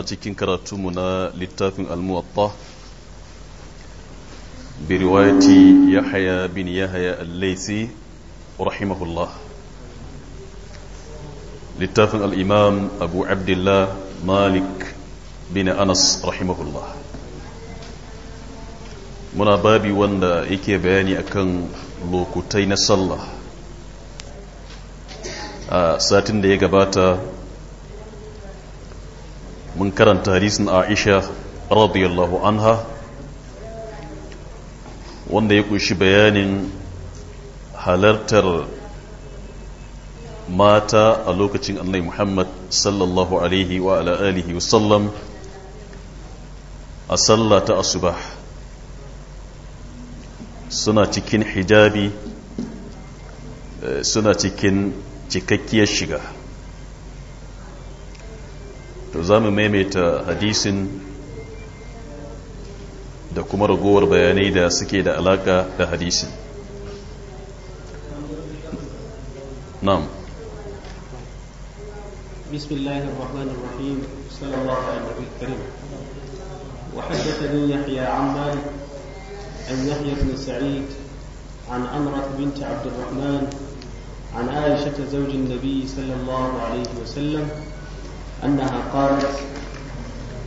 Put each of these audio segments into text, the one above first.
muna cikin karatunmu na littafin almuwatta bi riwayati yahya bin yahya al-laythi rahimahullah littafin al-imam abu abdullah malik bin anas rahimahullah muna babi wanda yake bayani akan lokutai na sallah a satin da ya gabata mun karanta hadisin aisha radiyallahu anha wanda ya kunshi bayanin halartar mata a lokacin annai muhammad sallallahu alaihi wa ala alihi wasallam a sallah ta asubah suna cikin hijabi eh, suna cikin cikakkiyar shiga to za mu maimaita hadisin da kuma ragowar bayanai da suke da alaka da hadisin نعم بسم الله الرحمن الرحيم صلى الله على النبي الكريم وحدثني يحيى عن مالك عن يحيى بن سعيد عن أمرة بنت عبد الرحمن عن عائشة زوج النبي صلى الله عليه وسلم أنها قالت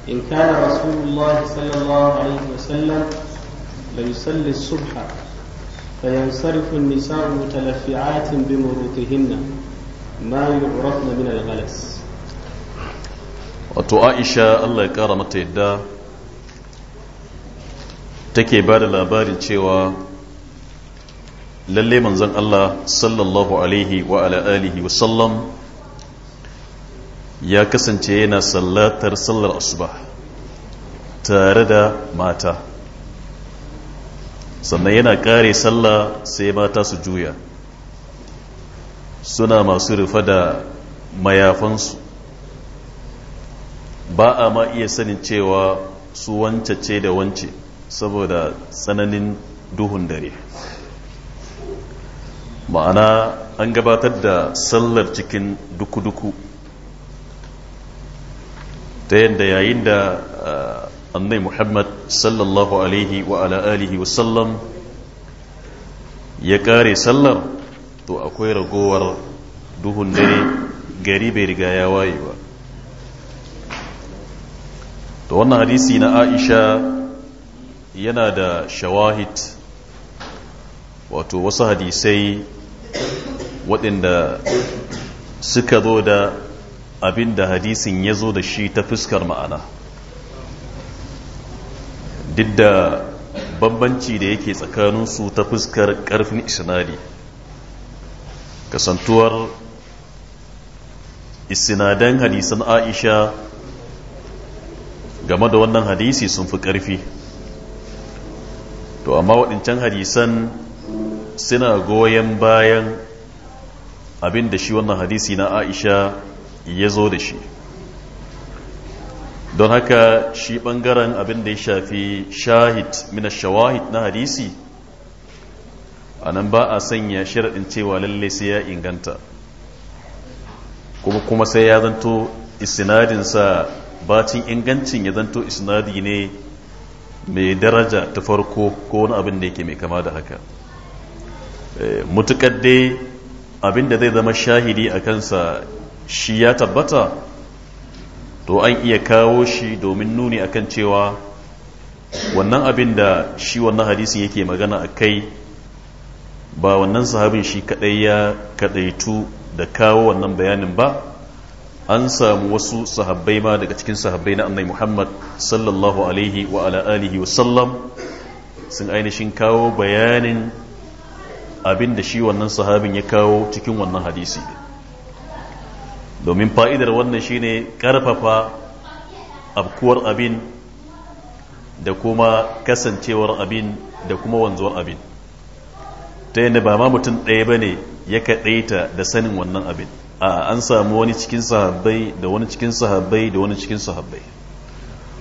إن كان رسول الله صلى الله عليه وسلم ليصلي الصبح فينصرف النساء متلفعات بمروطهن ما يعرفن من الغلس wato aisha allah ya kara mata yadda take ba da labarin cewa lalle manzon allah sallallahu alaihi wa ala alihi wa sallam ya kasance yana sallatar sallar asuba tare da mata sannan yana kare sallah sai mata su juya suna masu rufe da mayafansu ba a ma iya sanin cewa su wance ce da wance saboda tsananin duhun dare ma'ana an gabatar da sallar cikin duku-duku ta yadda yayin da uh, annai muhammad sallallahu alaihi wa ala alihi wasallam ya kare sallar to akwai ragowar duhun dare gari bai riga ya waye ba to wannan hadisi na aisha yana da shawahid wato wasu hadisai waɗanda suka zo da abin hadisin ya zo da shi ta fuskar ma'ana duk da bambanci da yake tsakaninsu ta fuskar karfin isnadi kasantuwar isinadan hadisan aisha game da wannan hadisi sun fi karfi to amma waɗancan hadisan suna goyon bayan abin da shi wannan hadisi na aisha ya zo da shi don haka shi ɓangaren abin da ya shafi shahid mina shawahid na hadisi a nan ba a sanya shiradin cewa lalle sai ya inganta kuma kuma sai ya zanto sa bacin ingancin ya zanto isina'di ne mai daraja ta farko ko wani abin da yake mai kama da haka eh, mutukar dai abin da zai zama shahidi a kansa shi ya tabbata to an iya kawo shi domin nuni akan cewa wannan abin da shi wannan hadisin yake magana a kai ba wannan sahabin shi kadai ya kadaitu da kawo wannan bayanin ba an samu wasu sahabbai ma daga cikin sahabbai na annai muhammad sallallahu alaihi wa ala'alihi wasallam sun ainihin kawo bayanin abin da shi wannan sahabin ya kawo cikin wannan hadisi domin fa'idar wannan shine ƙarfafa abkuwar abin da kuma kasancewar abin da kuma wanzuwar abin ta yadda ba ma mutum ɗaya ba ne ya kaɗaita da sanin wannan abin a an samu wani cikin sahabbai da wani cikin sahabbai da wani cikin sahabbai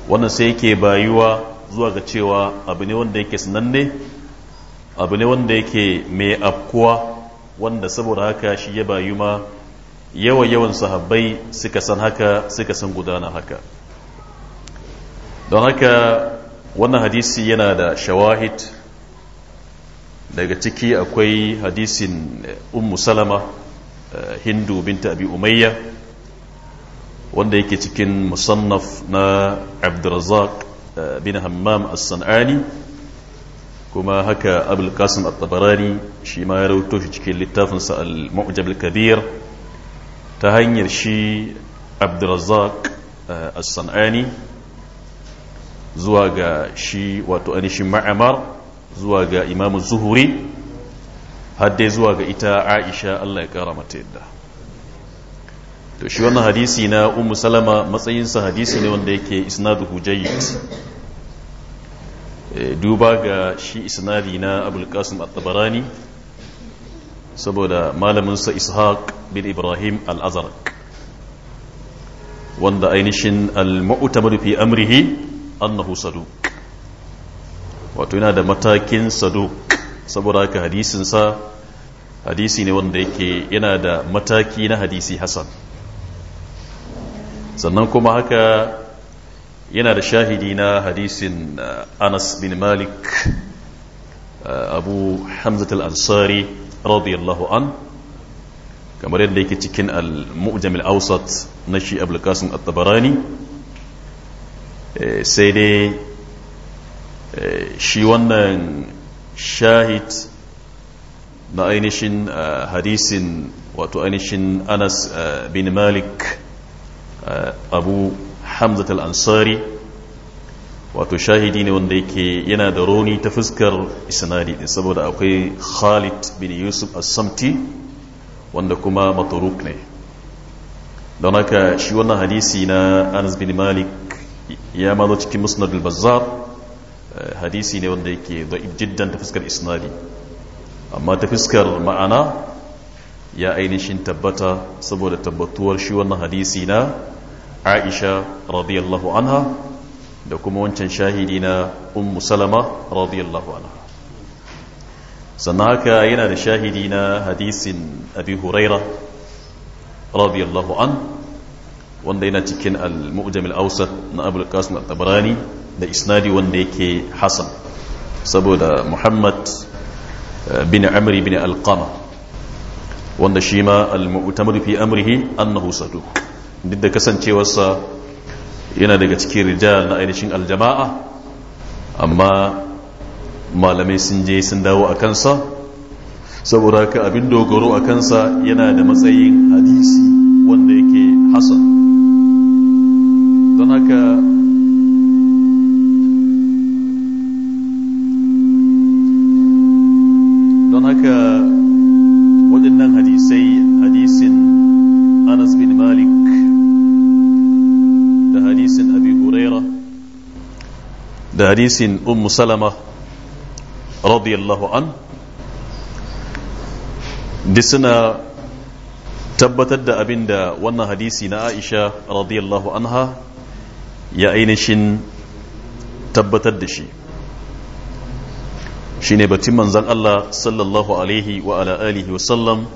wannan sai yake bayuwa zuwa ga cewa abu ne wanda yake sananne abu ne wanda yake mai afkuwa wanda saboda haka shi ya bayu ma yawa yawan sahabbai suka san haka suka san gudana haka don haka wannan hadisi yana da shawahid daga ciki akwai hadisin eh, ummu salama eh, hindu binta abi umayya wanda yake cikin musannaf na abdurrazak eh, bin hammam as-san'ani kuma haka abul qasim at-tabarani shi ma ya rawaito shi cikin littafinsa al-mu'jam al-kabir ta hanyar shi abdulrazak eh, as-san'ani zuwa ga shi wato anishin ma'amar zuwa ga imamu zuhuri haddai zuwa ga ita aisha allah ya kara mata yadda to shi wannan hadisi na umu salama matsayinsa hadisi ne wanda yake isnadu jayyid eh, duba ga shi isnadi na abulkasim at-tabarani saboda malaminsa ishaq bin ibrahim al-azraq wanda ainihin al-mu'tamadu fi amrihi annahu saduq wato yana da matakin saduk saboda haka hadisinsa hadisi ne wanda yake yana da mataki na hadisi hasan sannan kuma haka yana da shahidi na hadisin uh, anas bin malik uh, abu hamzat al-ansari radiyallahu an kamar yadda yake cikin al-mu'jam al-awsat na shi abul qasim at-tabarani eh, sai dai eh, shi wannan shahid na ainihin eh, hadisin wato ainihin anas bin malik abu hamzat al-ansari wato shahidi ne wanda yake yana da rauni ta fuskar isnadi din saboda akwai Khalid bin Yusuf as-Samti wanda kuma maturuk ne don haka shi wannan hadisi na Anas bin Malik ya mazo cikin Musnad al-Bazzar eh, hadisi ne wanda yake da'ib jiddan ta fuskar isnadi amma ta fuskar ma'ana ya ainihin tabbata saboda tabbatuwar shi wannan hadisi na Aisha radiyallahu anha da kuma wancan shahidi na ummu salama radiyallahu anha sannan haka yana da shahidi na hadisin abi huraira radiyallahu an wanda yana cikin al-mu'jam al-awsat na abul qasim al-tabarani da isnadi wanda yake hasan saboda muhammad eh, bin amri bin alqama wanda shi ma al-mu'tamadu fi amrihi annahu saduq duk da kasancewarsa yana daga cikin rijal na ainihin aljama'a amma malamai sun je sun dawo a kansa saboda haka abin dogaro a kansa yana da matsayin hadisi wanda yake hasan don haka Hadisin أم Salama رضي الله عنه tabbatar da abinda wannan hadisi na aisha radiyallahu anha ya ainihin tabbatar da shi shi ne batun manzan Allah sallallahu alaihi wa ala alihi wasallam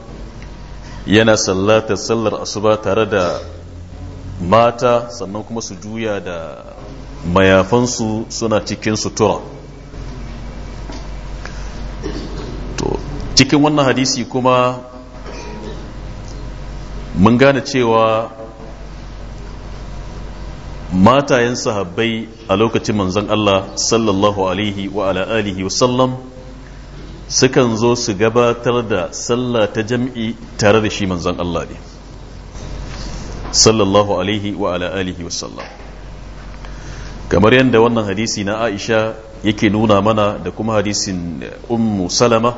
yana sallatar sallar asuba tare da mata sannan kuma su juya da mayafansu suna cikin sutura to cikin wannan hadisi kuma mun gane cewa matayen sahabbai a lokacin manzon Allah sallallahu alaihi wa ala alihi wa sallam sukan zo su gabatar da sallah ta jam'i tare da shi manzon Allah ne sallallahu alaihi wa ala alihi wa sallam kamar yadda wannan hadisi na aisha yake nuna mana da kuma hadisin ummu salama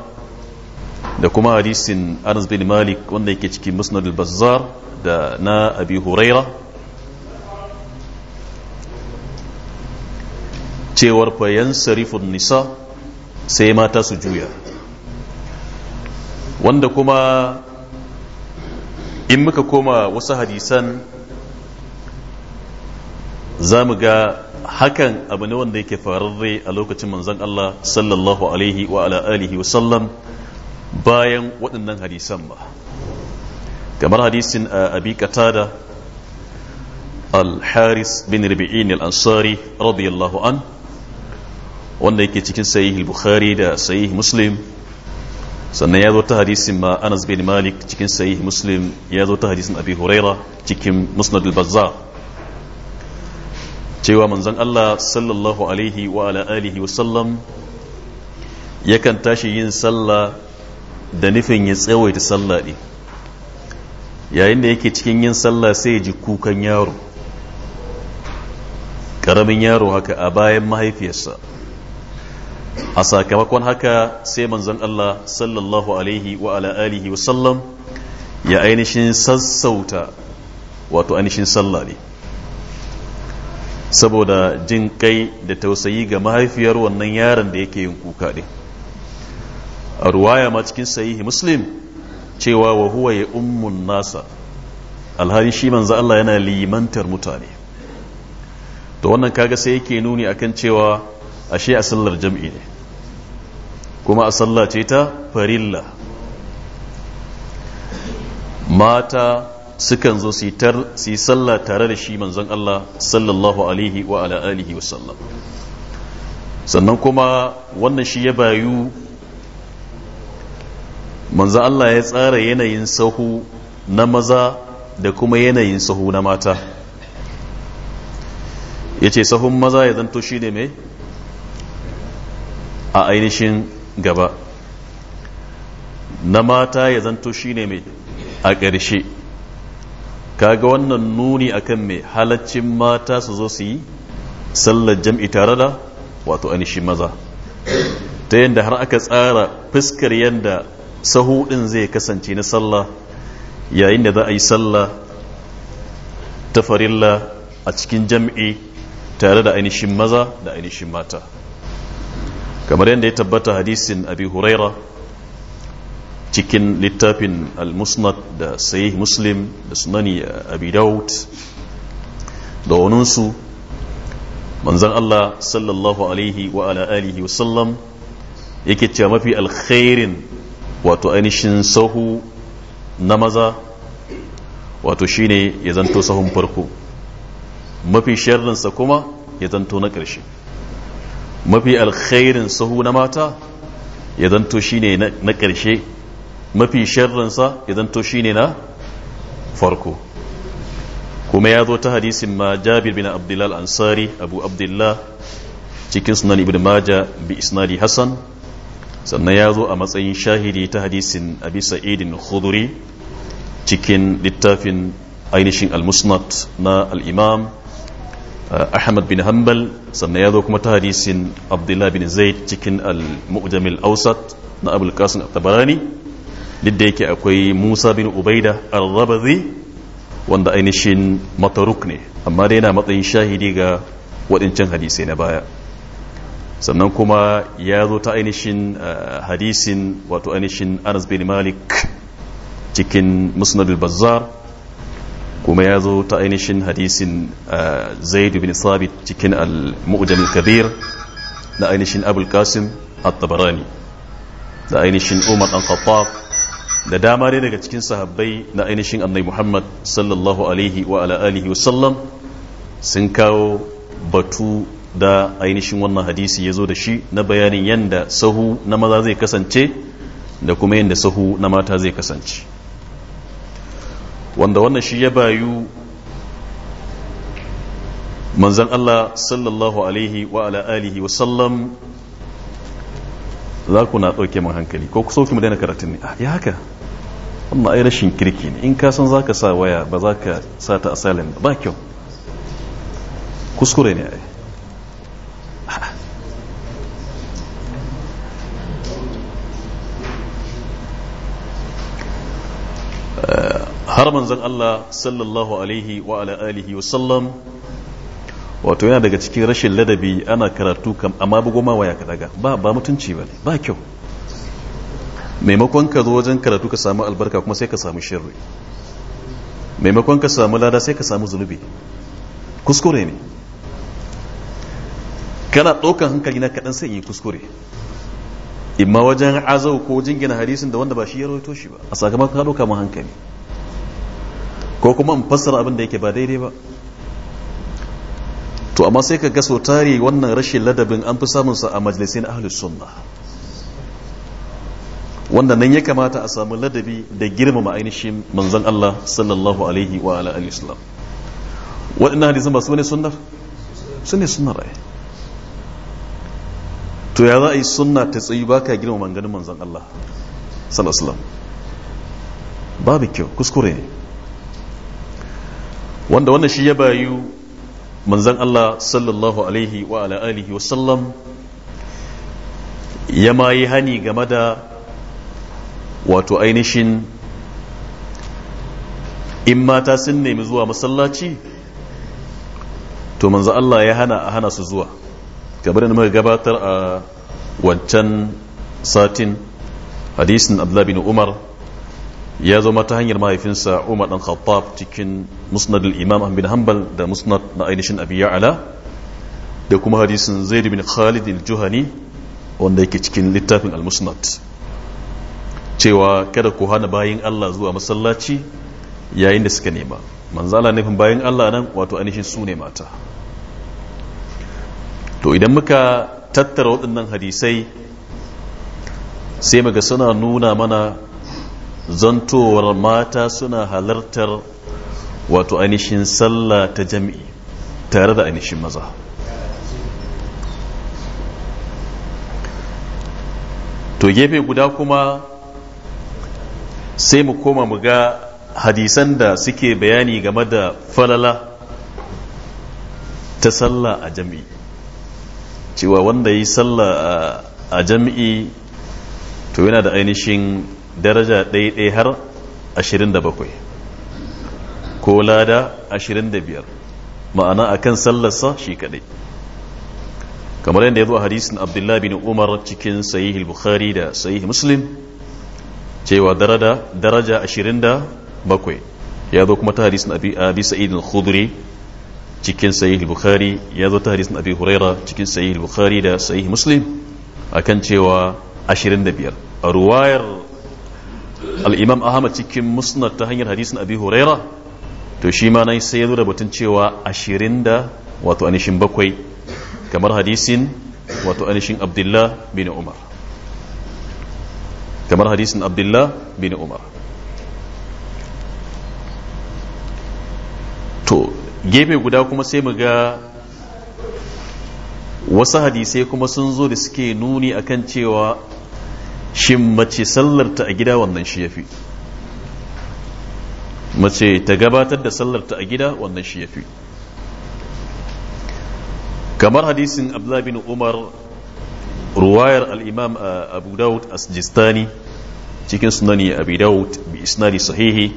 da kuma hadisin anas bin malik wanda yake cikin musnad al-bazzar da na abi huraira cewar fayan sarifun nisa sai mata su juya wanda kuma in muka koma wasu hadisan za mu ga hakan abu ne wanda yake fararre a lokacin manzon Allah sallallahu alaihi wa ala alihi wa sallam bayan waɗannan hadisan ba kamar hadisin uh, abi qatada al-haris bin rabi'in al-ansari radiyallahu an wanda yake cikin sahih bukhari da sahih muslim sannan ya zo ta hadisin ma anas bin malik cikin sahih muslim ya zo ta hadisin abi huraira cikin musnad al-bazzar cewa manzon Allah sallallahu alaihi wa ala wasallam yakan tashi yin sallah da nufin ya tsawaita sallah ne yayin da yake cikin yin sallah sai ya ji kukan yaro Ƙaramin yaro haka a bayan mahaifiyarsa a sakamakon haka sai manzon Allah sallallahu alaihi wa ala wasallam ya ainihin sassauta wato ainihin sallah saboda jin kai da tausayi ga mahaifiyar wannan yaron da yake yin kuka ne. a ruwaya ma cikin sahihi muslim cewa wa huwa ya ummun nasa alhali shi manzo Allah yana limantar mutane to wannan kaga sai yake nuni akan cewa ashe a sallar jam'i ne kuma a sallah ce ta farilla mata sukan zo su yi sallah tare da shi manzon Allah sallallahu alaihi wa ala alihi wa sallam sannan kuma wannan shi ya bayu manzon Allah ya tsara yanayin sahu na maza da kuma yanayin sahu na mata ya ce sahun maza ya zanto shi ne mai a ainihin gaba na mata ya zanto shi ne mai a ƙarshe kaga wannan nuni akan mai halaccin mata su zo su yi sallar jam'i tare da wato anishi maza ta yadda har aka tsara fuskar yadda sahu ɗin zai kasance na sallah yayin da za a yi sallah ta farilla a cikin jam'i tare da ainihin maza da ainihin mata kamar yadda ya tabbata hadisin abi huraira cikin littafin al-musnad da sahih muslim da sunani abi daud da waninsu manzan Allah sallallahu alaihi wa ala alihi wasallam yake cewa mafi alkhairin wato ainihin sahu na maza wato shine ya zanto sahun farko mafi sharrinsa kuma ya zanto na ƙarshe mafi alkhairin sahu na mata ya zanto shine na ƙarshe mafi sharrinsa idan to shine na farko kuma ya zo ta hadisin ma jabir bin abdullal ansari abu abdullah cikin sunan ibn maja bi isnadi hassan sannan ya zo a matsayin shahidi ta hadisin abi sa'idin khuduri cikin littafin ainihin al-musnad na al-imam uh, ahmad bin hanbal sannan ya zo kuma ta hadisin abdullah bin zaid cikin al-mu'jamil awsat na abul qasim at-tabarani duk da yake akwai musa bin ubaida al-rabazi wanda ainihin mataruk ne amma dai yana matsayin shahidi ga waɗancan hadisai na baya sannan kuma ya zo ta ainihin eh, hadisin wato ainihin anas bin malik cikin musnad al kuma ya zo ta ainihin hadisin eh, zaid bin sabit cikin al-mu'jam al-kabir da ainihin abul qasim at-tabarani da ainihin umar dan khattab da dama ne daga cikin sahabbai na ainihin annai muhammad sallallahu alaihi wa ala alihi sallam sun kawo batu da ainihin wannan hadisi ya zo da shi na bayanin yadda sahu na maza zai kasance da kuma yadda sahu na mata zai kasance wanda wannan shi ya bayu manzan Allah sallallahu alaihi wa ala alihi wa sallam za ku na ɗauke mun hankali ko ku sauki mu daina karatun ne ah, ya haka amma ai rashin kirki ne in ka san za ka sa waya ba za ka sa ta asalin ba kyau kuskure ne ai eh, har manzon Allah sallallahu alaihi wa ala wa sallam wato yana daga cikin rashin ladabi ana karatu kam amma bugoma ma waya ka daga ba ba mutunci ba kyau maimakon ka zo wajen karatu ka samu albarka kuma sai ka samu shirri maimakon ka samu lada sai ka samu zunubi kuskure ne kana ɗaukan hankali na kaɗan sai yi kuskure imma wajen azau ko jingina hadisin da wanda ba shi ya rawaito shi ba a sakamakon ka ɗauka mu hankali ko kuma in fassara abin da yake ba daidai ba to amma sai ka ga sau tari wannan rashin ladabin an fi samunsa a majalisin ahlus sunna wanda nan ya kamata a samu ladabi da girmama ainihin manzon Allah sallallahu alaihi wa ala alihi sallam waɗannan hadisan ba su ne sunnar su ne sunnar ai to ya za a yi sunna ta tsayi baka girmama ganin manzon Allah sallallahu alaihi wasallam babu kyau kuskure ne wanda wannan shi ya bayu manzon Allah sallallahu alaihi wa ala alihi wasallam ya ma yi hani game da wato ainihin in mata sun nemi zuwa masallaci to manzo Allah ya hana a hana su zuwa kamar da muka gabatar a wancan satin hadisin Abdullahi bin Umar ya zama ta hanyar mahaifinsa Umar dan Khattab cikin Musnad al-Imam Ahmad bin Hanbal da Musnad na ainihin Abi Ya'la da kuma hadisin Zaid bin Khalid al-Juhani wanda yake cikin littafin al-Musnad cewa kada ku hana bayan Allah zuwa masallaci yayin da suka nema manzala nufin bayan Allah nan wato ainihin su ne mata to idan muka tattara waɗannan hadisai sai muga suna nuna mana zantowar mata suna halartar wato ainihin sallah ta jami'i tare da ainihin maza to gefe guda kuma sai mu koma mu ga hadisan da suke bayani game da falala ta sallah a jami'i. cewa wanda yi sallah a jami'i to yana da ainihin daraja ɗaiɗai har 27 ko lada 25 ma'ana a kan sallarsa shi kaɗai kamar yadda ya zo a hadisin abdullahi bin umar cikin sahih bukhari da sahih muslim cewa daraja ashirin da bakwai ya zo kuma ta hadisin abi sa'id al-khudri cikin sahih bukhari ya zo ta hadisin abi huraira cikin sahih bukhari da sahih muslim akan cewa 25 a ruwayar al-imam ahmad cikin musnad ta hanyar hadisin abi huraira to shi ma nan sai ya zo da batun cewa 20 da wato anishin bakwai kamar hadisin wato anishin abdullah bin umar kamar hadisin abdullah bin umar to gefe guda kuma sai mu ga wasu hadisai kuma sun zo da suke nuni akan cewa shin mace sallarta a gida wannan shi ya fi mace ta gabatar da sallarta a gida wannan shi ya fi kamar hadisin abdullah bin umar ruwayar alimam uh, abu daud as-jistani cikin sunani abu daud bi isnadi sahihi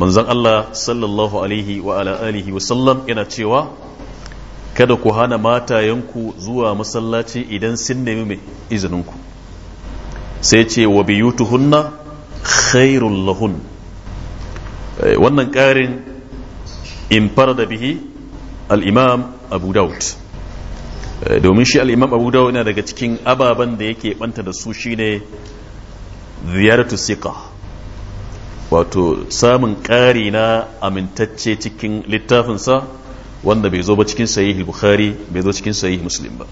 manzon Allah sallallahu alaihi wa ala alihi wa sallam yana cewa kada ku hana matayenku zuwa masallaci idan sun nemi mai izininku sai ce wa biyutuhunna khairul lahun eh, wannan ƙarin in da bihi al abu daud Eh, domin shi al'imam abu dawo yana daga cikin ababen da yake banta da su shine ziyartu siqa wato samun ƙari na amintacce cikin littafinsa wanda bai zo ba cikin sahih bukhari bai zo cikin sayi muslim ba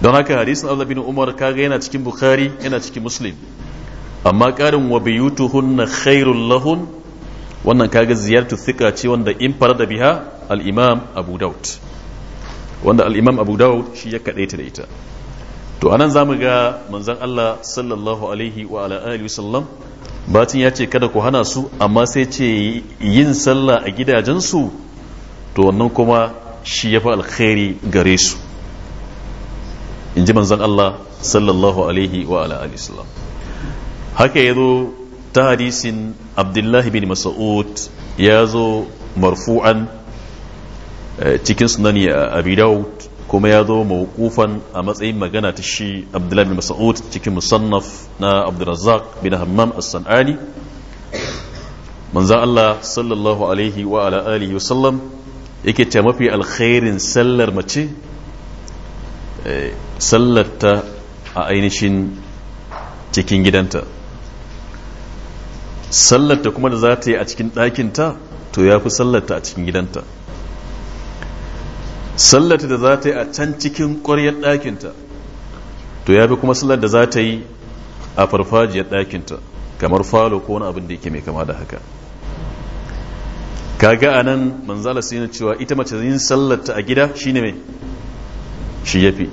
don haka hadisun Allah bin Umar kaga yana cikin Bukhari yana cikin Muslim amma ƙarin wa hunna khairun lahun wannan kaga ziyartu thika ce wanda in da biha al-Imam Abu Daud wanda al'imam abu dawud shi ya kaɗaita da ita to anan zamu ga manzon Allah sallallahu alaihi wa ala wasallam batin ya ce kada ku hana su amma sai ce yin sallah a gidajensu to wannan kuma shi ya fi alkhairi gare su in ji manzon Allah sallallahu alaihi wa ala wasallam haka ya zo ta hadisin abdullahi bin mas'ud ya zo marfu'an cikin sunani abi daud kuma ya zo mawqufan a matsayin magana ta shi abdullahi bin mas'ud cikin musannaf na abdurrazzaq bin hammam as-sanani manzo Allah sallallahu alaihi wa ala alihi wa sallam yake ce mafi alkhairin sallar mace eh, sallarta a ainihin cikin gidanta sallarta kuma da za ta yi a cikin ɗakinta to ya fi sallarta a cikin gidanta sallata da za ta yi a can cikin ƙwaryar ɗakinta to ya bi kuma sallar da za ta yi a farfajiyar ɗakinta kamar falo ko wani abin da yake mai kama da haka kaga a nan manzala na cewa ita mace yin sallarta a gida shine mai shi yafi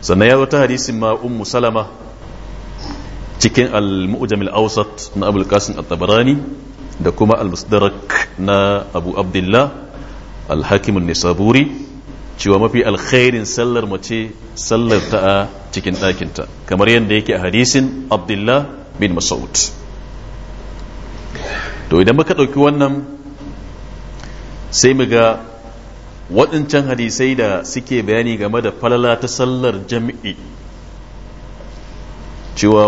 sannan ya zo ta hadisin ma ummu salama cikin al-mu'jam al-awsat na abul qasim at-tabarani da kuma al-musdarak na abu abdullah al-hakim an-nisaburi cewa mafi alkhairin sallar mace sallar ta a cikin ɗakinta kamar yadda yake a hadisin abdullah bin masaud to idan muka ɗauki wannan sai mu ga waɗancan hadisai da suke bayani game da falala ta sallar jam'i cewa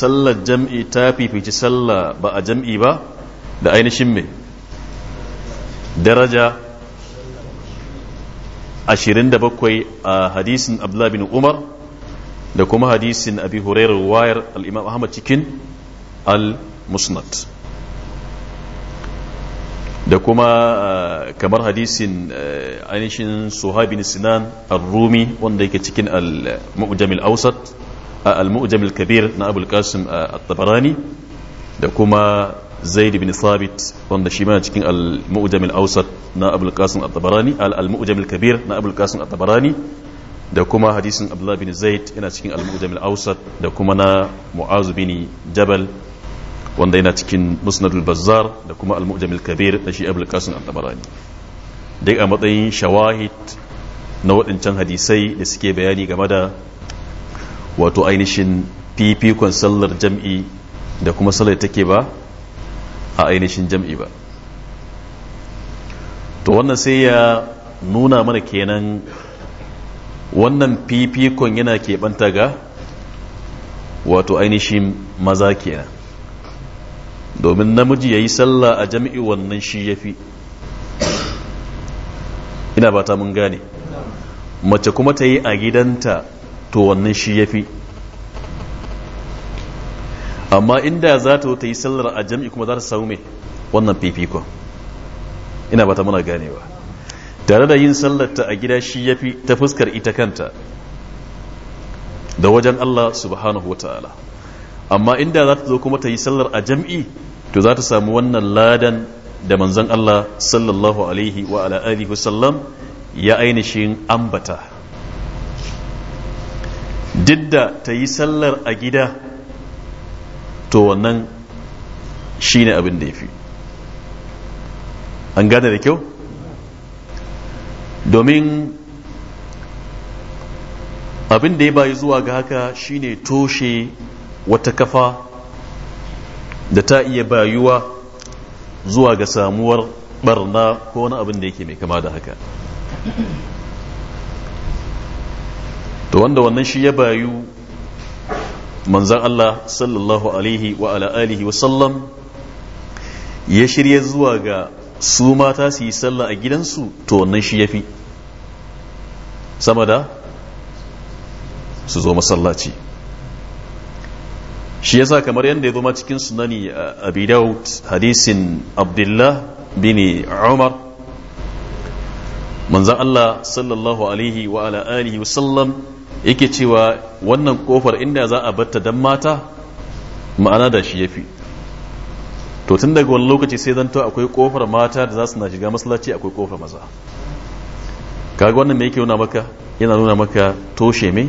sallar jam'i ta fifici sallah ba a jam'i ba da ainihin mai daraja da bakwai a hadisin abdullah bin umar da kuma hadisin abi hurairar wayar al'imam ahmad cikin al-musnad da kuma uh, kamar hadisin uh, ainihin bin sinan al-rumi wanda yake cikin al-mu'jamil ausat uh, al-mu'jamil kabir na abul qasim at-tabarani da kuma zaid bin sabit wanda shi ma cikin al-mu'jam al-awsat na abul qasim at-tabarani al-mu'jam al-kabir na abul qasim at-tabarani da kuma hadisin abdullah bin zaid yana cikin al-mu'jam al-awsat da kuma na mu'az bin jabal wanda yana cikin musnad al-bazzar da kuma al-mu'jam al-kabir da shi abul qasim at-tabarani dai a matsayin shawahid na waɗancan hadisai da suke bayani game da wato ainihin fifikon sallar jam'i da kuma sallar take ba a ainihin jam'i ba to wannan sai ya nuna mana kenan wannan fifikon yana keɓanta ga wato ainihin maza kenan domin namiji ya yi sallah a jam'i wannan shi ya fi ina ba ta mun gane mace kuma ta yi a gidanta to wannan shi ya fi amma inda za ta ta yi sallar a jam'i kuma za ta samu mai wannan fifiko ina ba ta muna ganewa tare da yin sallarta a gida shi ya fi ta fuskar ita kanta da wajen Allah subhanahu wa ta'ala amma inda za ta zo kuma ta yi sallar a jam'i to za ta samu wannan ladan da manzon Allah sallallahu alaihi wa ala alihi wasallam ya ainihin ambata duk da ta yi sallar a gida to wannan shi ne abin da ya fi an gane da kyau domin abin da ya bayi zuwa ga haka shine toshe wata kafa da ta iya bayuwa zuwa ga samuwar barna ko wani abin da yake mai kama da haka to wanda wannan shi ya bayu manzan Allah sallallahu alaihi wa ala alihi wa sallam ya shirya zuwa ga su mata su yi sallah a gidansu to wannan shi ya fi. sama da su zo masallaci shi yasa kamar yadda ya zo cikin sunani a daud hadisin abdullah bin umar manzan Allah sallallahu alaihi wa ala alihi wa sallam yake cewa wannan kofar inda za a batta dan mata ma'ana da shi yafi to tun daga wani lokaci sai zanto akwai kofar mata da za su na shiga masallaci akwai kofar maza kaga wannan me yake nuna maka yana nuna maka toshe me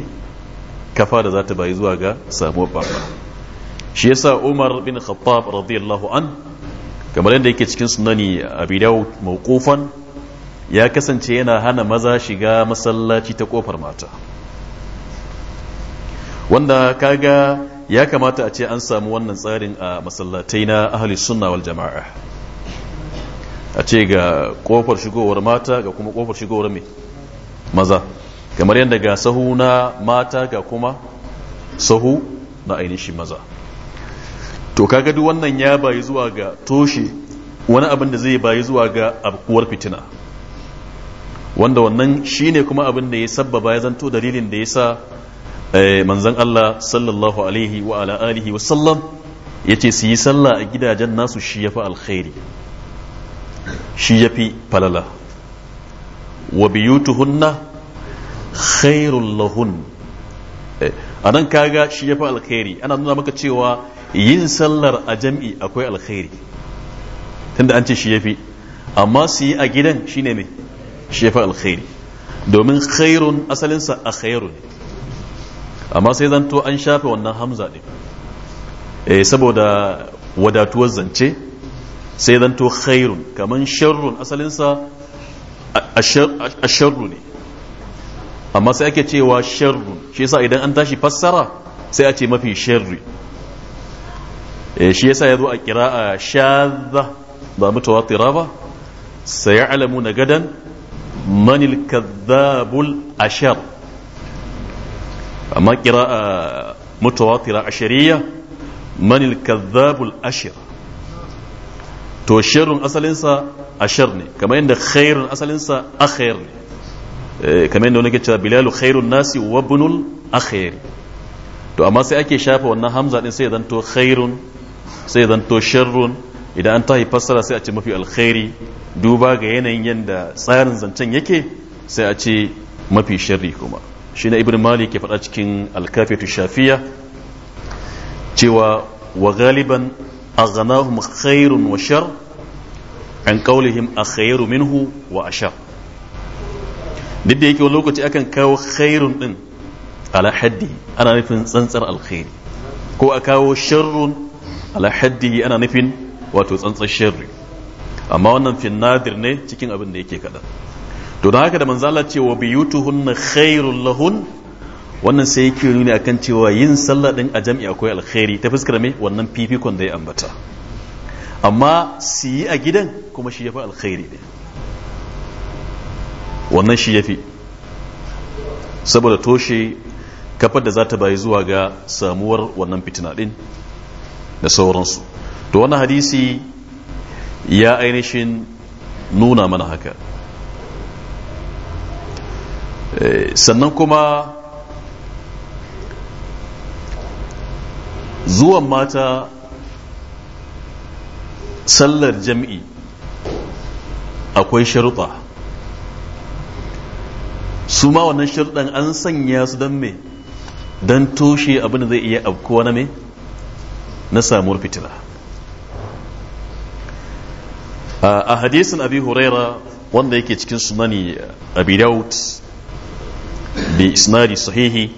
kafa da za ta bayi zuwa ga samuwar babba shi yasa Umar bin Khattab radiyallahu an kamar yadda yake cikin sunani Abi Dawud mawqufan ya kasance yana hana maza shiga masallaci ta kofar mata wanda kaga ya kamata a ce an samu wannan tsarin a masallatai na ahli sunna wal jama'a a ce ga kofar shigowar mata ga kuma kofar shigowar mai maza kamar yadda ga sahu na mata ga kuma sahu na shi maza to kaga duk wannan ya bayi zuwa ga toshe wani abin da zai bayi zuwa ga abkuwar fitina wanda wannan shine kuma abin da ya sabba ya zanto dalilin da ya sa Eh, manzon Allah sallallahu alaihi wa ala wa sallam yace su yi sallah a gidajen nasu shi fi alkhairi shi yafi falala wa biyutuhunna khairul lahun eh, a nan kaga shi fi alkhairi ana nuna maka cewa yin sallar a jam'i akwai alkhairi tunda an ce shi yafi amma su yi a gidan shi ne mai shi fi alkhairi domin khairun asalinsa a khairu ne amma sai zanto an shafe wannan hamza ɗin e eh, saboda wadatuwar zance sai zanto khairun kaman sharrun asalinsa a sharru ne amma sai ake cewa sharrun shi yasa idan an tashi fassara sai a ce mafi sharri eh, shi yasa ya zo a kira shadha ba mutawatira ba sai ya alamu na gadan manil kadhabul ashar amma kira mutawatira ashariya man mani kazzabul ashir to sharrun asalinsa ashar ne kama yadda khairun asalinsa akhair ne kama yadda wani ke cewa bilalu khairun nasi wa bunul akhair to amma sai ake shafa wannan hamza din sai to khairun sai zanto sharrun idan an tahi fassara sai a ce mafi alkhairi duba ga yanayin yadda tsarin zancen yake sai a ce mafi sharri kuma shi na ibn malik faɗa cikin alkafetu shafiya cewa wa galiban aghnahum khairun wa shar an qawlihim minhu wa ashar duk da yake lokaci akan kawo khairun din ala haddi ana nufin tsantsar alkhairi ko a kawo sharrun ala haddi ana nufin wato tsantsar sharri amma wannan fin nadir ne cikin abin da yake kaɗan to da haka da manzo Allah ce wa biyutuhunna khairul lahun wannan sai yake nuni akan cewa yin sallah din a jam'i akwai alkhairi ta fuskar me wannan fifikon da ya ambata amma su yi a gidan kuma shi yafi alkhairi ne wannan shi yafi saboda toshe kafar da za ta bayi zuwa ga samuwar wannan fitina din da sauransu to wannan hadisi ya ainihin nuna mana haka Eh, sannan kuma zuwan mata sallar jam'i akwai sharuɗa su ma wannan sharuɗan an sanya su don me don toshe abin zai iya abkuwa na me na samuwar fitila ah, a hadisin abi huraira wanda yake cikin sunani abi daud bi isnadi sahihi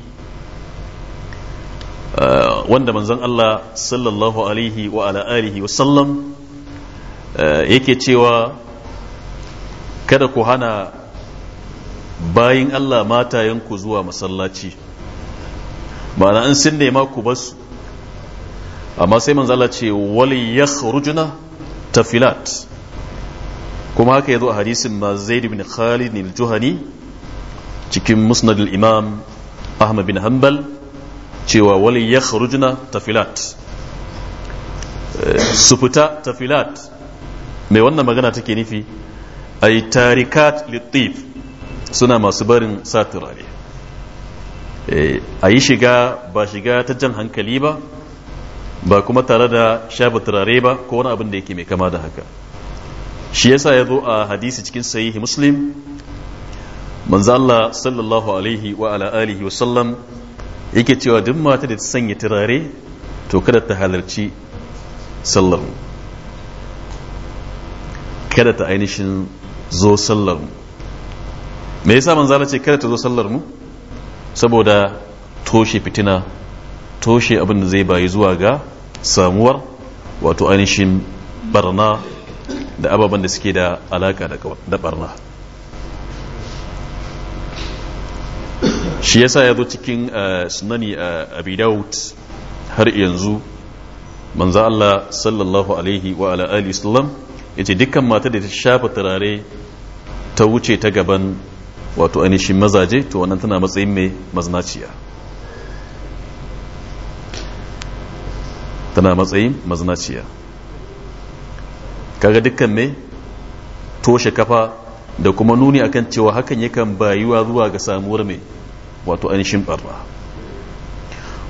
uh, wanda manzon Allah sallallahu alaihi wa ala alihi wa sallam uh, yake cewa kada ku hana bayin Allah yanku zuwa masallaci ma'ana an sun nema ku basu amma sai manzon Allah ce wali yakhrujuna tafilat kuma haka yazo a hadisin ma Zaid ibn Khalid al-Juhani cikin musnad imam ahmad bin hanbal cewa wali ya kharujna tafilat eh, su fita tafilat mai wannan magana take nufi ai tarikat litif suna masu barin sa ne. Eh, a yi shiga ba shiga ta jan hankali ba ba kuma tare da shafa turare ba ko wani abin da yake mai kama da haka shi yasa ya zo a hadisi cikin sahihi muslim manzo Allah sallallahu alaihi wa ala alihi wa sallam yake cewa duk mata da ta sanya turare to kada ta halarci sallar kada ta ainihin zo sallar mu me yasa manzo Allah ce kada ta zo sallar mu saboda toshe fitina toshe abin da zai bayi zuwa ga samuwar wato ainihin barna da ababen da suke da alaka da barna shi yasa ya zo cikin eh, sunani eh, abi daud har yanzu manzo Allah sallallahu alaihi wa ala alihi sallam yace dukkan mata da ta shafa turare ta wuce ta gaban wato ainihin mazaje to wannan tana matsayin mai maznaciya tana matsayin maznaciya kaga dukkan mai toshe kafa da kuma nuni akan cewa hakan yakan bayuwa zuwa ga samuwar mai wato ainihin barra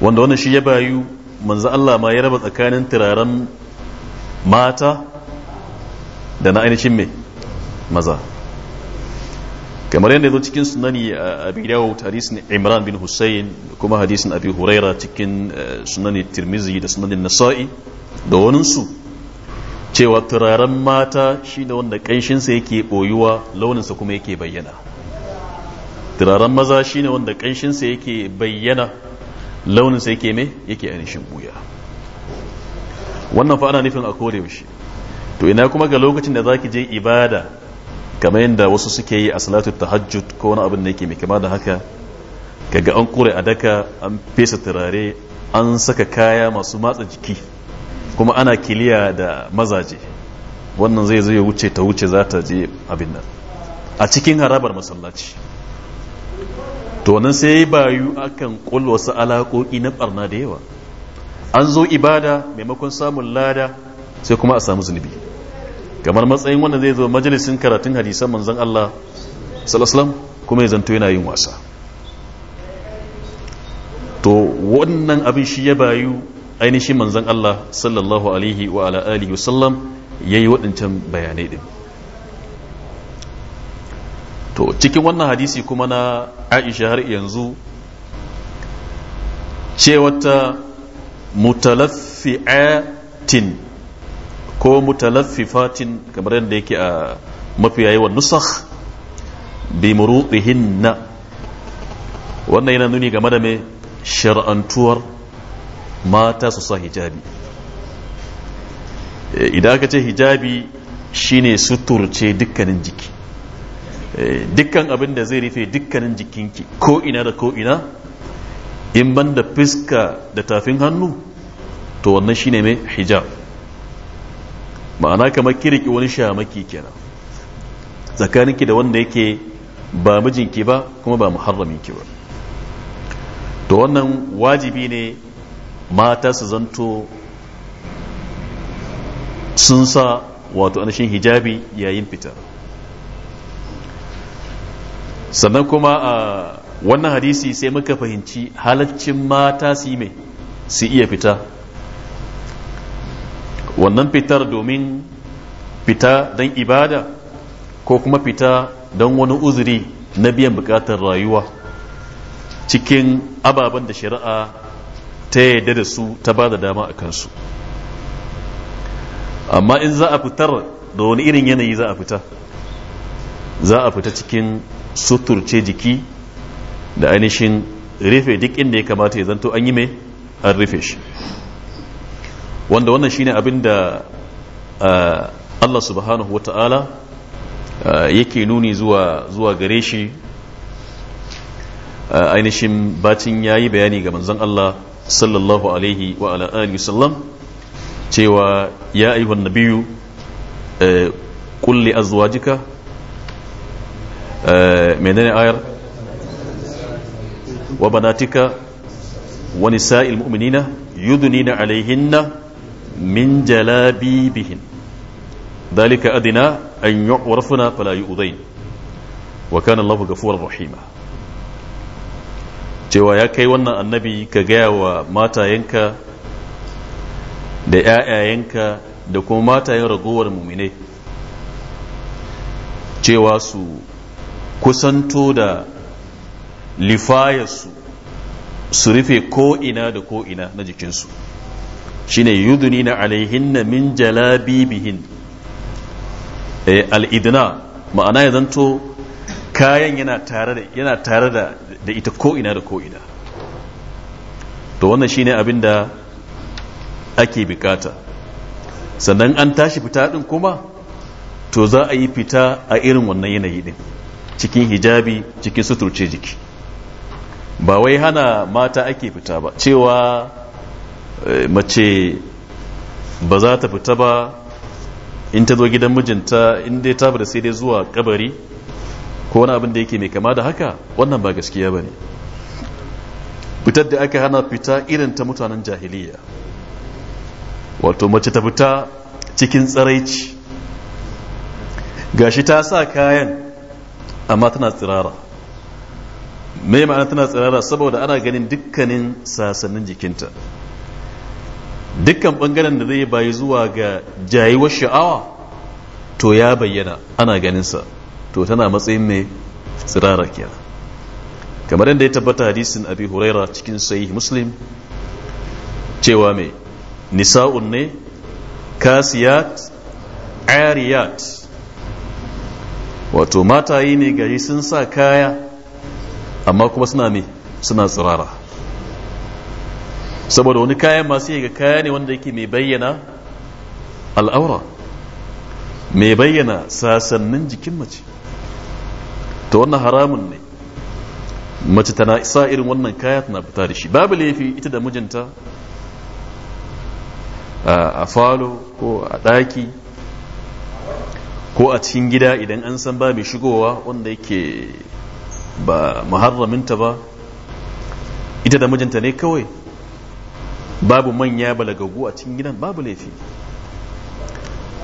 wanda wannan shi ya bayu manzo Allah ma ya raba tsakanin turaren mata da na ainihin mai maza kamar yadda zo cikin sunani a bidawo hadisin imran bin hussein kuma hadisin abi huraira cikin eh, sunani tirmizi da sunanin nasa'i da waninsu cewa turaren mata shi da wanda ƙanshinsa yake ɓoyuwa launinsa kuma yake bayyana turaren maza shi ne wanda ƙanshinsa yake bayyana launinsa yake me yake ainihin buya wannan fa nufin a kore shi to ina kuma ga lokacin da zaki je ibada kamar yadda wasu suke yi a salatu tahajjud ko wani abin da yake mai kama da haka kaga an kore a daka an fesa turare an saka kaya masu matsa jiki kuma ana kiliya da mazaje wannan zai zai wuce ta wuce za ta je abin nan a cikin harabar masallaci to nan sai ya yi bayu akan kul wasu alaƙoƙi na ɓarna da yawa an zo ibada maimakon samun lada sai kuma a samu zunubi kamar matsayin wanda zai zo majalisin karatun hadisan manzan Allah sallallahu kuma ya zanto yana yin wasa to wannan abin shi ya bayu ainihin manzan Allah sallallahu alaihi wa ala alihi wasallam yi waɗancan bayanai ɗin to cikin wannan hadisi kuma na aisha har yanzu ce wata mutalaffi'atin ko mutalaffifatin kamar yadda yake a mafiya yawan nusakh bi muruqihinna wannan yana nuni game da mai shar'antuwar mata su sa hijabi eh, idan aka ce hijabi shine suturce dukkanin jiki dukkan abin da zai rufe dukkanin jikinki ko ina da ko ina in ban da fiska da tafin hannu to wannan shine mai hijab ma'ana kamar kirki wani shamaki kenan tsakaninki da wanda yake ba mijinki ba kuma ba muharraminki ba to wannan wajibi ne mata su zanto sun sa wato anashin hijabi yayin fita sannan kuma a wannan hadisi sai muka fahimci halaccin mata su yi mai su iya fita wannan fitar domin fita don ibada ko kuma fita don wani uzuri na biyan bukatar rayuwa cikin ababen da shari'a ta yarda da su ta ba da dama a kansu amma in za a fitar da wani irin yanayi za a fita za a fita cikin suturce jiki da ainihin rufe duk inda ya kamata ya zanto an yi mai an rufe shi wanda wannan shine abin da Allah subhanahu wa ta'ala yake nuni zuwa gare shi ainihin bacin ya yi bayani ga manzon Allah sallallahu alaihi wa sallam cewa ya ayyuhan kulle azuwa jika. Eh, menene ayar wa banatika wa nisa'il mu'minina yudnina alaihinna min jalabibihin dalika adina an yu'rafna fala yu'dain wa kana Allahu ghafurar rahima cewa ya kai wannan annabi ka gaya wa matayenka da ‘ya'yayenka da kuma matayen ragowar muminai cewa su kusanto da lifayarsu su rufe ko'ina da ko'ina na jikinsu shine alaihin na min jalabibihin eh, al’idina ma'ana ya zanto kayan yana tare da ita ko'ina da ko'ina to wannan shine abin da ake bukata sannan an tashi fita ɗin kuma to za a yi fita a irin wannan yanayi ɗin cikin hijabi cikin suturce jiki ba wai hana mata ake fita ba cewa eh, mace ba za ta fita ba in ta zo gidan mijinta in dai ta da sai dai zuwa kabari ko wani abin da yake mai kama da haka wannan ba gaskiya ba ne fitar da aka hana fita irin ta mutanen jahiliya wato mace ta fita cikin tsaraici gashi ta sa kayan amma tana tsirara me ma'ana tana tsirara saboda ana ganin dukkanin sasannin jikinta dukkan bangaren da zai bayi zuwa ga jayuwar sha'awa to ya bayyana ana ganinsa to tana matsayin mai tsirara kenan kamar yadda ya tabbata hadisin abi huraira cikin sahih muslim cewa mai nisa'un ne kasiyat ariyat wato mataye ne gari sun sa kaya amma kuma suna me suna tsirara saboda wani kayan masu ga kaya ne wanda yake mai bayyana al'aura mai bayyana sasannin jikin mace ta wannan haramun ne mace tana isa irin wannan kaya tana fita da shi babu laifi ita da mijinta a falo ko a ɗaki ko a cikin gida idan an san ba mai shigowa wanda yake ba muharraminta ba ita da mijinta ne kawai babu manya balagagu a cikin gidan babu laifi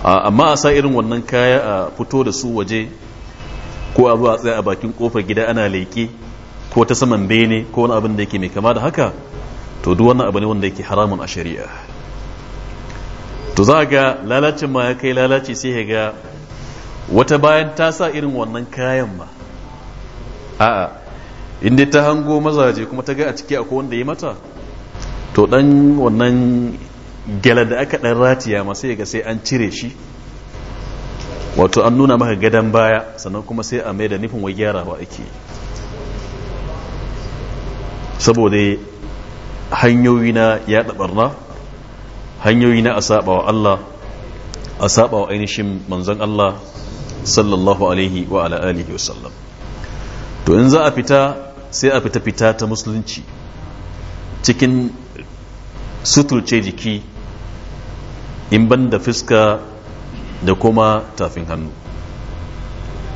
amma a sa irin wannan kaya a fito da su waje ko a zuwa tsaye a bakin kofar gida ana leƙe ko ta saman bene ko wani abin da yake mai kama da haka to duk wannan abu ne wanda yake haramun a shari'a to za a ga lalacin ma ya kai lalaci sai ya ga wata bayan ta sa irin wannan kayan ma a'a inda ta hango mazaje kuma ta ga a ciki akwai wanda ya mata to dan wannan gala da aka dan ratiya ma sai ga sai an cire shi wato an nuna maka gadon baya sannan kuma sai a mai da nufin wai gyarawa ake saboda hanyoyi na yaɗa barna hanyoyi na a saba wa Allah a saba wa ainihin manzon Allah sallallahu alaihi wa ala alihi wasallam to in za a fita sai a fita fita ta musulunci cikin suturce jiki in ban da fuska da kuma tafin hannu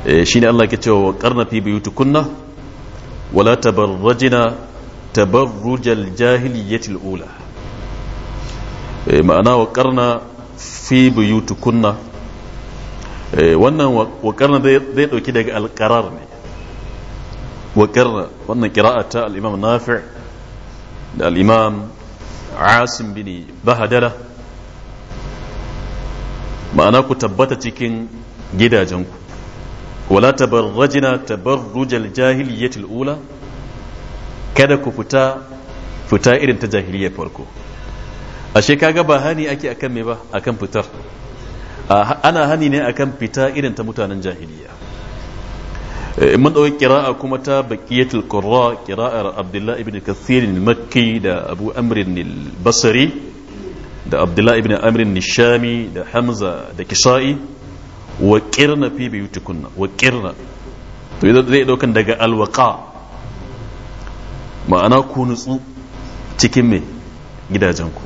eh, shi ne Allah ke cewa karna fi biyu tukunna wala tabarrajina tabarrujal jahiliyyatil ula eh, ma'ana wa karna fi biyu tukunna Eh, wannan wakarna zai dauki daga alkarar ne wakarna wannan kira'a ta al'imam nafi' da al'imam asim bin bahadara ma'ana ku tabbata cikin gidajenku wala tabarrajina tabarrujal jahiliyyatil ula kada ku fita fita irin ta jahiliyyar farko ashe kaga ba hani ake akan me ba akan fitar ana hani ne akan fita irin ta mutanen jahiliya eh, mun ɗauki kira'a kuma ta baqiyatul qurra kira'ar abdullahi ibn kathir makki da abu amr basri da abdullahi ibn amr shami da hamza da kisa'i wa qirna fi biyutikunna wa qirna to zai daukan daga alwaqa ma'ana ku nutsu cikin me gidajenku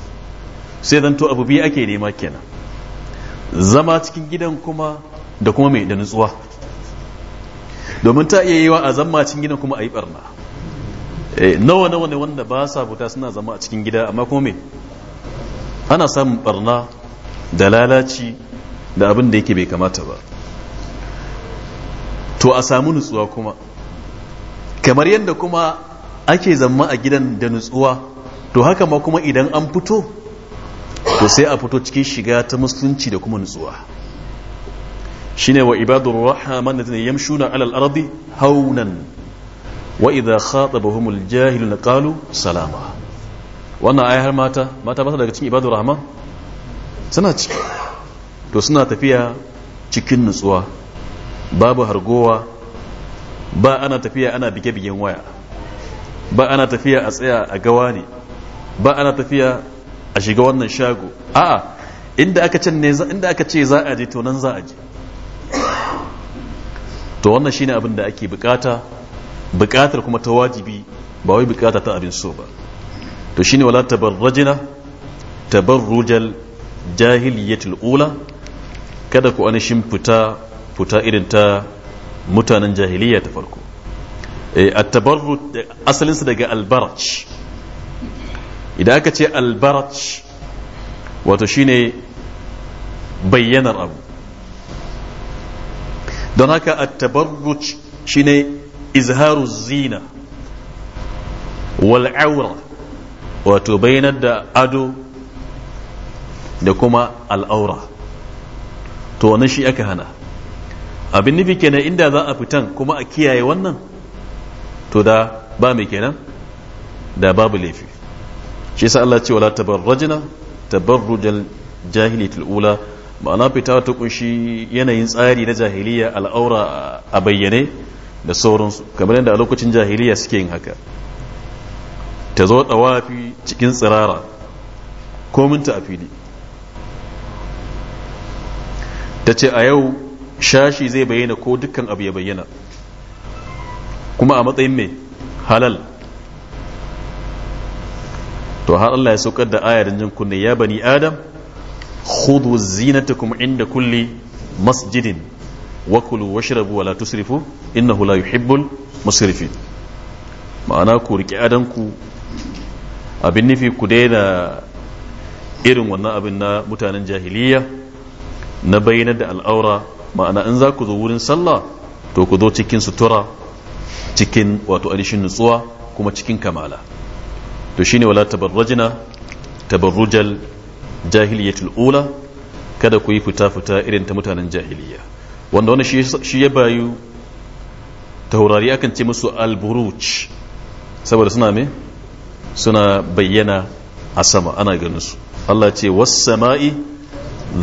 sai zanto abu biyu ake nema kenan zama cikin gidan kuma da kuma mai da nutsuwa domin ta iya yiwa a zama cikin gidan kuma a yi barna eh, nawa nawa ne wanda ba sa buta suna zama a cikin gida amma kuma mai ana samun barna da lalaci da abin da yake bai kamata ba to a samu nutsuwa kuma kamar yadda kuma ake zama a gidan da nutsuwa to haka ma kuma idan an fito to sai a fito cikin shiga ta musulunci da kuma nutsuwa shine wa ibadur rahman da yamshuna alal ardi haunan wa idha khatabahumul jahiluna qalu salama wannan har mata mata ba daga cikin ibadur rahman suna ciki to suna tafiya cikin nutsuwa babu hargowa ba ana tafiya ana bige-bigen waya ba ana tafiya a tsaya a gawa ne ba ana tafiya a shiga wannan shago a'a inda aka ce ne za a je to nan za a je to wannan shine abin da ake bukata bukatar kuma ta wajibi ba wai bukata ta abin so ba to shine wala tabarrajina tabarrujal jahiliyatul ula kada ku anishin fita fita irin ta mutanen jahiliya ta farko eh, at tabarruj asalinsa daga albaraj idan aka ce albarat wato shine bayyanar abu don haka at-tabarruj shine izharu zina wal aura wato bayyanar da ado da kuma al'aura to wannan shi aka hana abin nufi kenan inda za a fitan kuma a kiyaye wannan to da ba mai kenan da babu laifi shi sa Allah ce wala tabarrajna tabarrujal jahiliyatul ula ma'ana fita ta kunshi yanayin tsari na jahiliya al'aura a bayyane da sauransu kamar yadda a lokacin jahiliya suke yin haka ta zo dawafi cikin tsirara kominta a fili ta ce a yau shashi zai bayyana ko dukkan abu ya bayyana kuma a matsayin mai halal to har Allah ya saukar da ayar jin kunne ya bani adam khudhu zinatakum inda kulli masjidin wa kulu washrabu wa la tusrifu innahu la yuhibbul musrifin ma'ana ku riƙe adanku abin nufi ku daina irin wannan abin na mutanen jahiliya na bayyana da al'aura ma'ana in za ku zo wurin sallah to ku zo cikin sutura cikin wato alishin nutsuwa kuma cikin kamala to shine wala tabarrajna tabarrujal jahiliyatul ula kada ku yi fita-fita irin ta mutanen jahiliya wanda wani shi ya bayu taurari akan ce musu alburuj saboda suna me suna bayyana a sama ana ganin su Allah ce wassama'i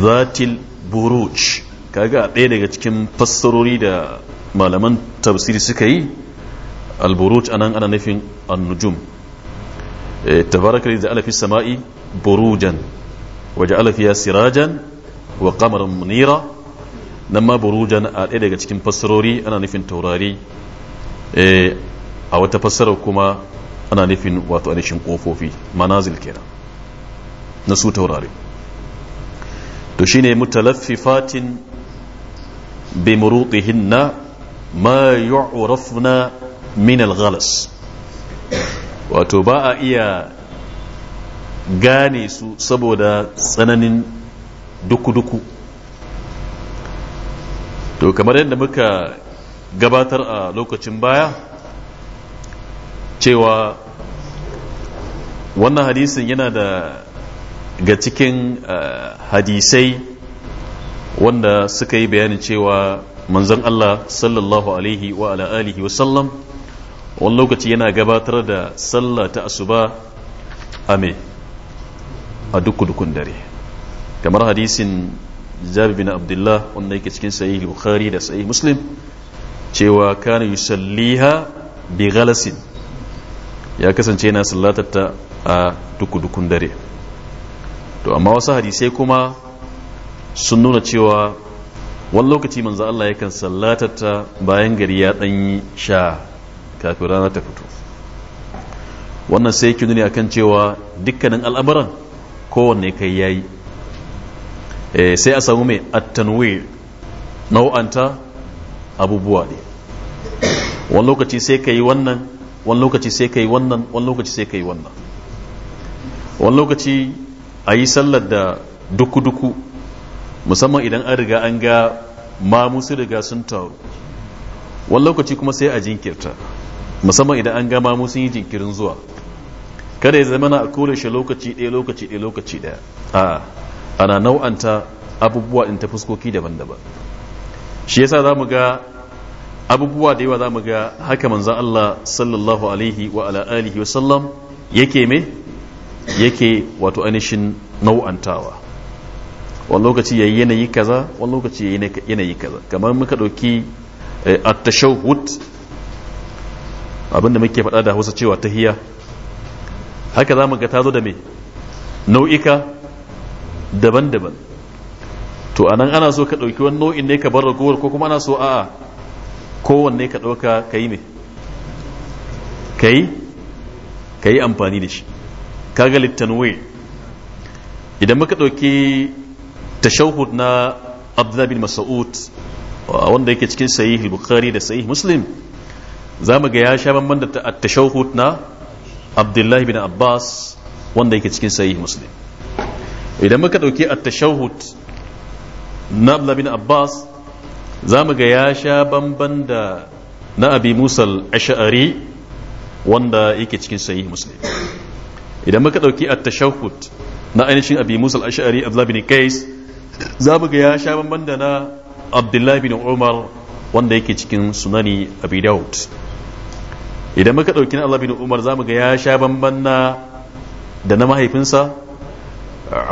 zatil buruj kaga ɗaya daga cikin fassarori da malaman tafsiri suka yi alburuj anan ana nufin annujum Eh, tabaraka da ja'ala sama'i burujan waje ja'ala fiha sirajan wa qamaran munira nan ma burujan a ɗaya daga cikin fassarori ana nufin taurari eh, a wata fassarar kuma ana nufin wato anishin kofofi manazil kenan na su taurari to shine bai bi muruqihinna ma yu'rafna min wato ba a iya gane su saboda tsananin duku-duku to kamar yadda muka gabatar a lokacin baya cewa wannan hadisin yana da ga cikin eh, hadisai wanda suka yi bayanin cewa manzon Allah sallallahu alaihi wa ala alihi wasallam wani lokaci yana gabatar da sallah ta asuba a me a dukkan dare kamar hadisin jabi bin abdullah wanda yake cikin sahih bukhari da sahih muslim cewa kana yusalliha bi ghalasin ya kasance yana sallatar ta a dukkan dare to amma wasu hadisai kuma sun nuna cewa wani lokaci manzo Allah yakan sallatar ta bayan gari ya ɗanyi sha kafin rana ta fito wannan sai yake nuni akan cewa dukkanin al'amuran kowanne kai yayi eh, sai a samu mai attanwe nau'anta abubuwa ne wani lokaci sai ka yi wannan wani lokaci sai ka yi wannan wani lokaci sai ka yi wannan wani lokaci a yi sallar da duku-duku musamman idan an riga an ga mamu su riga sun taru wani lokaci kuma sai a jinkirta musamman idan an gama musu sun yi jinkirin zuwa kada ya zama na kore shi lokaci ɗaya lokaci ɗaya lokaci ɗaya a ana nau'anta abubuwa ɗin ta fuskoki daban-daban shi yasa za mu ga abubuwa da yawa za mu ga haka manzan Allah sallallahu alaihi wa ala alihi wasallam yake me yake wato ainihin nau'antawa wani lokaci ya yi yanayi kaza wani lokaci ya yi yanayi kaza kamar muka ɗauki eh, at-tashawwud abinda muke faɗa da hausa cewa tahiya haka za mu ga ta zo da me nau'ika daban-daban to anan ana so ka ɗauki wani nau'in ne ka bar ragowar ko kuma ana so a'a kowanne ka ɗauka ka yi me ka yi amfani da shi kaga littanwe idan muka ɗauki tashahud na abdullahi bin mas'ud wanda yake cikin sahih bukhari da sahih muslim za mu ga ya sha bamban da tashahud na abdullahi bin abbas wanda yake cikin sayi muslim idan muka ɗauki at-tashahud na abdullahi bin abbas za mu ga ya sha bamban da na abi Musal al-ash'ari wanda yake cikin sayi muslim idan muka ɗauki at-tashahud na ainihin abi Musal al-ash'ari abdullahi bin Kais, za mu ga ya sha bamban da na abdullahi bin umar wanda yake cikin sunani abi daud idan muka ɗauki na Allah bin Umar zamu ga ya sha bamban na da na mahaifinsa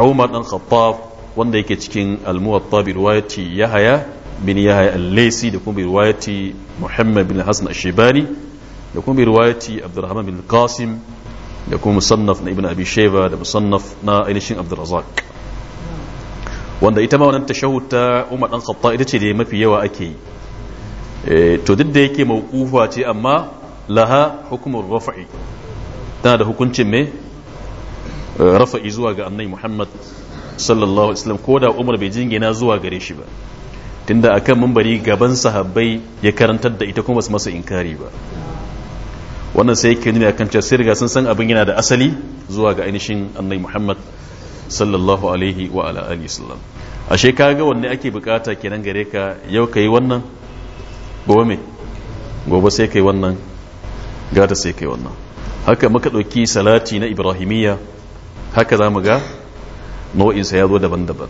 Umar dan Khattab wanda yake cikin al-Muwatta bi riwayati Yahya bin Yahya al-Laysi da kuma bi riwayati Muhammad bin Hasan al-Shibani da kuma bi riwayati Abdurrahman bin Qasim da kuma musannaf na Ibn Abi Shayba da musannaf na ainihin Abdurrazzaq wanda ita ma wannan tashahhud ta Umar dan Khattab ita ce da mafi yawa ake yi eh, to duk da yake mawqufa ce amma laha hukumar rafa'i tana da hukuncin mai rafa'i zuwa ga annai muhammad sallallahu alaihi wasallam ko da umar bai jingina zuwa gare shi ba tunda akan mambari gaban sahabbai ya karantar da ita kuma su masa inkari ba wannan sai yake nuna kan cewa sai riga sun san abin yana da asali zuwa ga ainihin annai muhammad sallallahu alaihi wa ala alihi sallam ashe kaga wanne ake bukata kenan gare ka yau kai wannan gobe me gobe sai kai wannan gata sai kai wannan haka muka ɗauki salati na ibrahimiyya haka za mu ga nau'insa ya zo daban-daban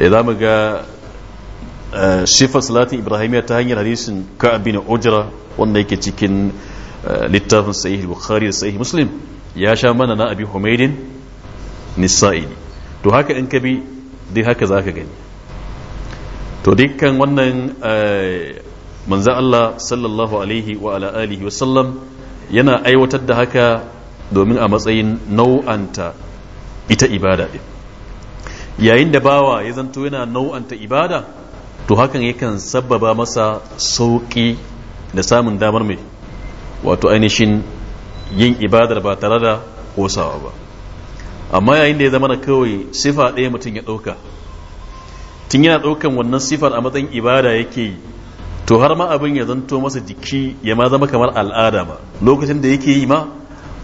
eh, za mu ga eh, shifar salatin ibrahimiyya ta hanyar hadisin ka'ab bin ojira wanda yake cikin eh, littafin sahih bukhari da sahih muslim ya sha mana na abi humaidin nisa'i to haka in ka bi dai haka za ka gani to dukkan wannan manzan Allah sallallahu alaihi wa ala alihi wasallam yana aiwatar da haka domin a matsayin nau'anta ita ibada ɗin yayin da bawa ya zanto yana nau'anta ibada to hakan yakan sabbaba masa sauƙi da samun damar mai wato ainihin yin ibadar ba tare da kosawa ba amma yayin da ya zama na kawai sifa ɗaya mutum ya ɗauka tun yana ɗaukan wannan sifar a matsayin ibada yake yi to har ma abin ya zanto masa jiki ya ma zama kamar al'ada ba lokacin da yake yi ma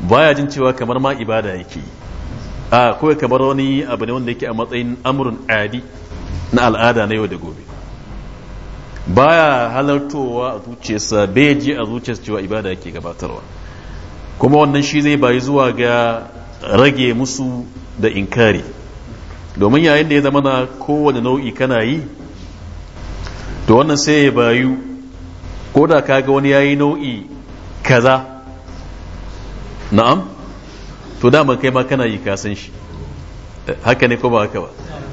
baya jin cewa kamar ma ibada yake yi a kawai kamar wani abu ne wanda yake a matsayin amurin adi na al'ada na yau da gobe baya halartowa a zuciyarsa bai ji a zuciyarsa cewa ibada yake gabatarwa kuma wannan shi zai bayi zuwa ga rage musu da inkari domin yayin da ya zama na kowane nau'i kana yi to wannan sai ya bayu ko da kaga wani yayi nau'i kaza na'am to dama kai ma kana yi kasan shi haka ne ko ba haka ba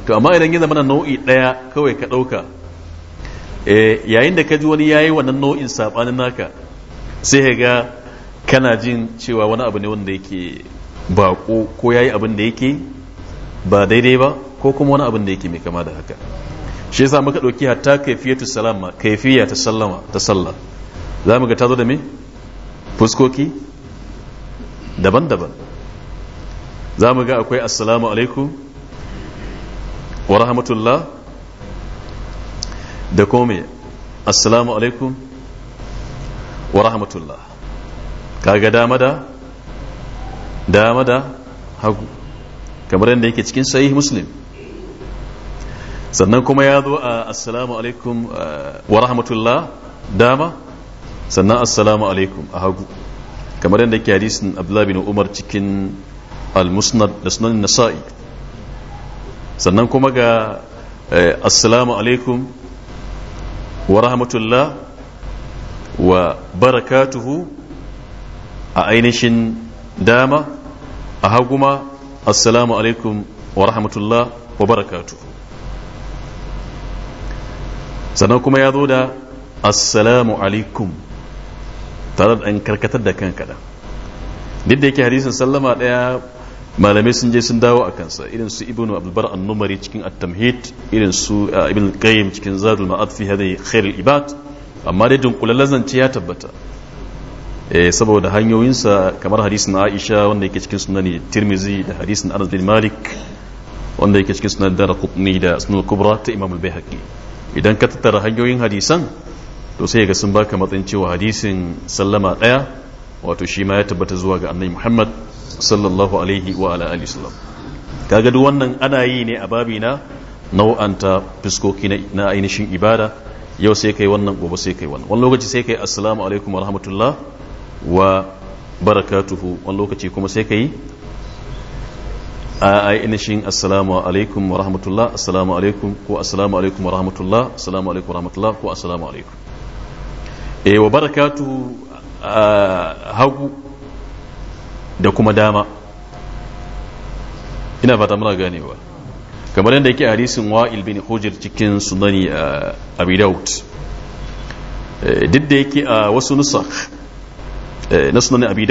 to amma idan ya zamana nau'i daya kawai ka dauka eh, yayin da ka ji wani yayi wannan nau'in sabanin naka sai ya ga kana jin cewa wani abu ne wanda yake bako ko yayi abin da yake ba daidai ba ko kuma wani abin da yake mai kama da haka shi yasa muka dauki hatta kaifiyatu salama kaifiya ta sallama ta sallah za mu ga ta zo da me fuskoki daban-daban za mu ga akwai assalamu alaikum wa rahmatullah da kome assalamu alaikum wa rahmatullah kaga dama da dama da hagu kamar yadda yake cikin sahih muslim sannan kuma ya zo a assalamu alaikum eh, wa rahmatullah dama sannan assalamu alaikum a hagu kamar yadda ke hadisin abdullahi bin umar cikin al-musnad da sunan nasa'i sannan kuma ga eh, assalamu alaikum wa rahmatullah wa barakatuhu a ainihin dama a haguma assalamu alaikum wa rahmatullah wa barakatuhu sannan kuma ya zo da assalamu alaikum tare da an karkatar da kanka da duk da yake hadisin sallama ɗaya malamai sun je sun dawo a kansa irin su ibnu abdulbar annumari cikin at-tamhid irin su ibn qayyim cikin zadul ma'ad fi hadhihi khairul ibad amma dai dun dunkulallen zance ya tabbata saboda hanyoyinsa kamar hadisin Aisha wanda yake cikin sunani Tirmizi da hadisin Anas bin Malik wanda yake cikin sunan Darqutni da Sunan Kubra ta Imam al-Baihaqi idan ka tattara hanyoyin hadisan to sai ga sun baka matsayin cewa hadisin sallama ɗaya wato shi ma ya tabbata zuwa ga annabi muhammad sallallahu alaihi wa ala alihi sallam kaga duk wannan ana yi ne a babina nau'anta fiskoki na ainihin ibada yau sai kai wannan gobe sai kai wannan wani lokaci sai kai assalamu alaikum wa rahmatullah wa barakatuhu wani lokaci kuma sai kai a ainihin assalamu alaikum wa rahmatullah assalamu alaikum ko assalamu alaikum wa rahmatullah assalamu alaikum wa rahmatullah ko assalamu alaikum e wa barakatu hagu da kuma dama ina fata muna ganewa kamar yadda yake hadisin wa'il bin hujjar cikin sunani a abi e, duk da yake a wasu nusa e, na sunani abi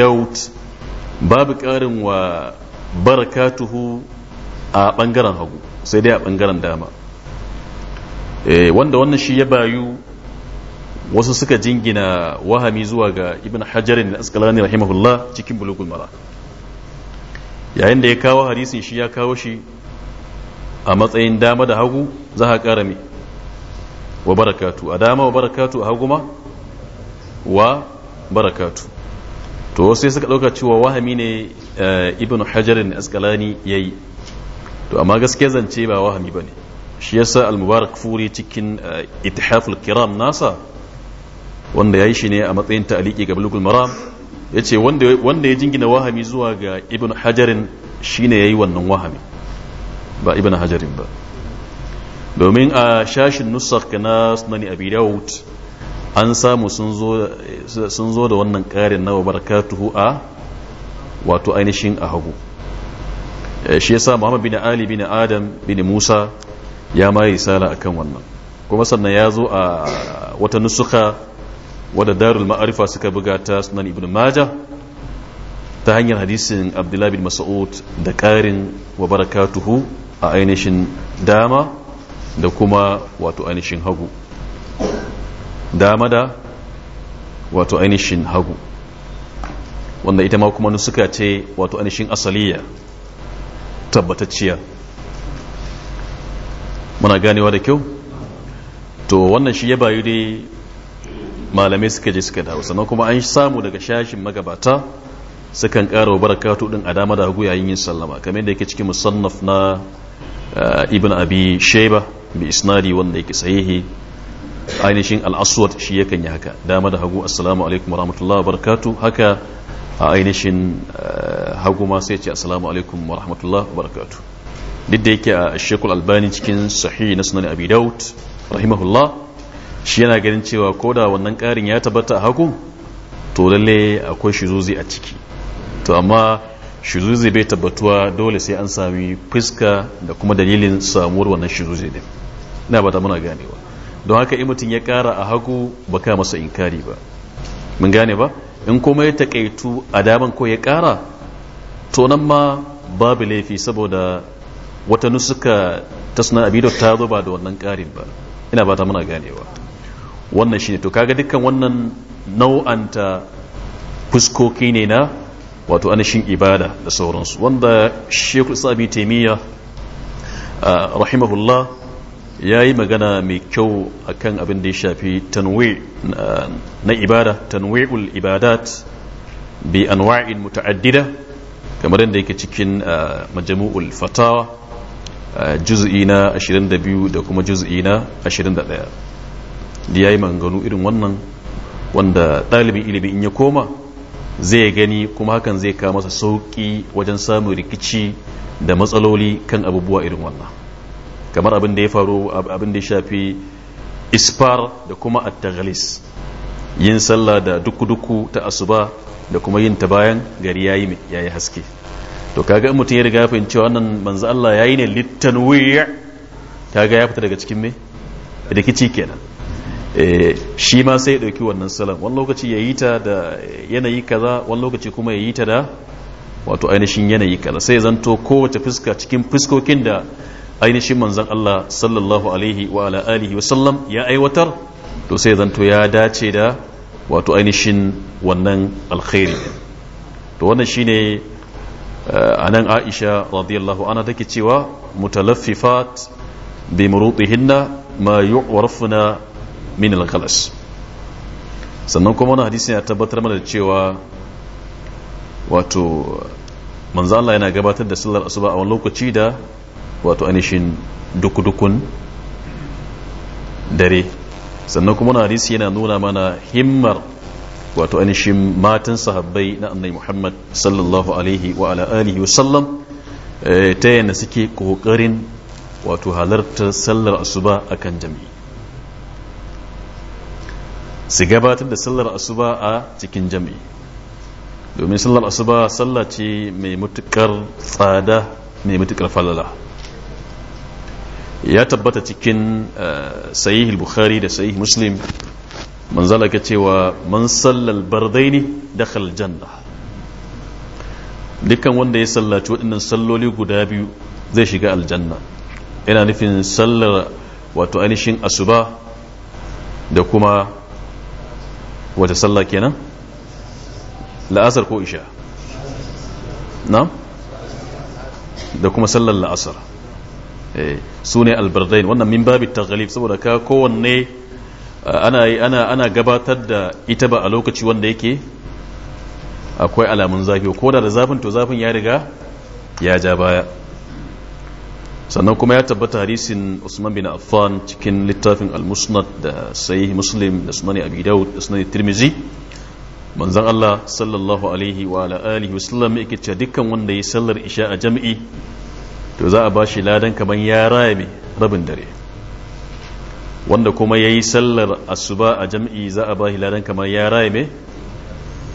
babu karin wa barakatuhu a bangaren hagu sai dai a bangaren dama eh, wanda wannan shi ya bayu wasu suka jingina wahami zuwa ga ibn na askalani rahimahullah cikin bulugul mara yayin da ya kawo hadisin shi ya kawo shi a matsayin dama da hagu za a ƙara mai wa barakatu a dama wa barakatu a hagu ma wa barakatu to wasu suka ɗauka cewa wahami ne eh, ibn hajarin askalani yayi to amma gaskiya zance ba wahami bane shi yasa al-mubarak furi cikin eh, itihaful kiram nasa wanda ya shi ne a matsayin ta'aliki ga bulugul maram yace ce wanda ya jingina wahami zuwa ga ibn hajar shine ya yi wannan wahami ba ibn hajar ba domin a shashin nusar na sunani abi dawud an samu sun zo da wannan ƙarin na barakatuhu a wato ainihin a hagu eh, shi sa muhammad bin ali bin adam bin musa ya ma risala akan wannan kuma sannan ya zo a wata nusuka wadda darul ma'arifa suka buga ta sunan ibn maja ta hanyar hadisin abdullahi bin mas'ud da ƙarin wa barakatuhu a ainihin dama da kuma wato ainihin hagu dama da wato ainihin hagu wanda ita ma kuma nusuka ce wato ainihin asaliya tabbatacciya muna ganewa da kyau to wannan shi ya bayu dai malamai suka je suka dawo sannan kuma an samu daga shashin magabata sukan ƙara wa barakatu din a dama da hagu yayin yin sallama kamar yadda yake cikin musannaf na eh, ibn abi sheba bi isnadi wanda yake sahihi ainihin al'aswad shi yakan yi haka dama da hagu assalamu alaikum wa barakatu haka a ainihin eh, hagu ma sai ce assalamu alaikum wa barakatu duk da yake a shekul albani cikin sahih na sunan abi daud rahimahullah shi yana ganin cewa ko da wannan karin ya tabbata a hagu to lalle akwai shizuzi a ciki to amma shizuzi bai tabbatuwa dole sai an sami fuska da kuma dalilin samuwar wannan shizuzi din na ba ta muna ganewa don haka in mutum ya kara a hagu ba ka masa inkari ba mun gane ba in kuma ya takaitu a daman ko ya kara to nan ma babu laifi saboda wata nusuka ta suna abido ta zo ba da wannan karin ba ina ba ta muna ganewa wannan shine to kaga dukkan wannan nau'anta fuskoki ne na wato anashin ibada da sauransu wanda shekul sa'abi taimiyya ah, rahimahullah ya yi magana mai kyau a kan abin da ya shafi tanwe na ibada tanwe'ul ibadat bi anwa'in muta'addida kamar yadda yake cikin uh, majamu'ul fatawa uh, juz'i na 22 da kuma juz'i na 21 da ya yi maganganu irin wannan wanda ɗalibin ilimi in ya koma zai gani kuma hakan zai kawo masa sauƙi wajen samun rikici da matsaloli kan abubuwa irin wannan kamar abin da ya faru abin da ya shafi ispar da kuma at-taghlis yin sallah da duku-duku ta asuba da kuma yin ta bayan gari yayi yayi haske to kaga in mutum ya riga ya fahimci wannan manzo Allah yayi ne littan litanwi' kaga ya fita daga cikin me kici kenan eh, shi ma sai ya ɗauki wannan salam wani lokaci ya yi ta da yanayi kaza wani lokaci kuma ya yi ta da wato ainihin yanayi kaza sai zanto kowace fuska cikin fuskokin da ainihin manzon Allah sallallahu alaihi wa ala alihi wa sallam ya aiwatar to sai zanto ya dace da wato ainihin wannan alkhairi to wannan shine eh, anan Aisha radiyallahu ana take cewa mutalaffifat bi murutihinna ma yu'rafuna min al sannan kuma wani hadisi ya tabbatar mana da cewa wato manzo Allah yana gabatar da sallar asuba a wani lokaci da wato anishin dukun dare sannan kuma na hadisi yana nuna mana himmar wato anishin matan sahabbai na annai muhammad sallallahu alaihi wa ala alihi wa sallam eh, ta yana suke kokarin wato halartar sallar asuba akan jami'i su gabatar da sallar asuba a cikin jami'i domin sallar asuba salla ce mai matukar tsada mai matukar falala ya tabbata cikin eh, sahih bukhari da sahih muslim manzala ka cewa man sallal bardaini dakhal janna dukkan wanda ya sallaci waɗannan salloli guda biyu zai shiga aljanna yana nufin sallar wato ainihin asuba da kuma wata sallah kenan la'asar ko isha na da kuma sallar la'asar Eh, su ne albardain wannan min babi taghalib saboda ka kowanne eh, ana ana ana gabatar da ita ba a lokaci wanda yake akwai alamun zafi ko da da zafin to zafin ya riga ya ja baya sannan kuma ya tabbata hadisin Usman bin Affan cikin littafin al-Musnad da Sahih Muslim da Sunan Abi Dawud da Sunan Tirmizi manzon Allah sallallahu alaihi wa ala alihi wa sallam yake cewa dukkan wanda ya sallar isha a jami'i to za a ba shi ladan kamar ya mai rabin dare wanda kuma ya yi sallar asuba a jam'i za a ba shi ladan kamar ya mai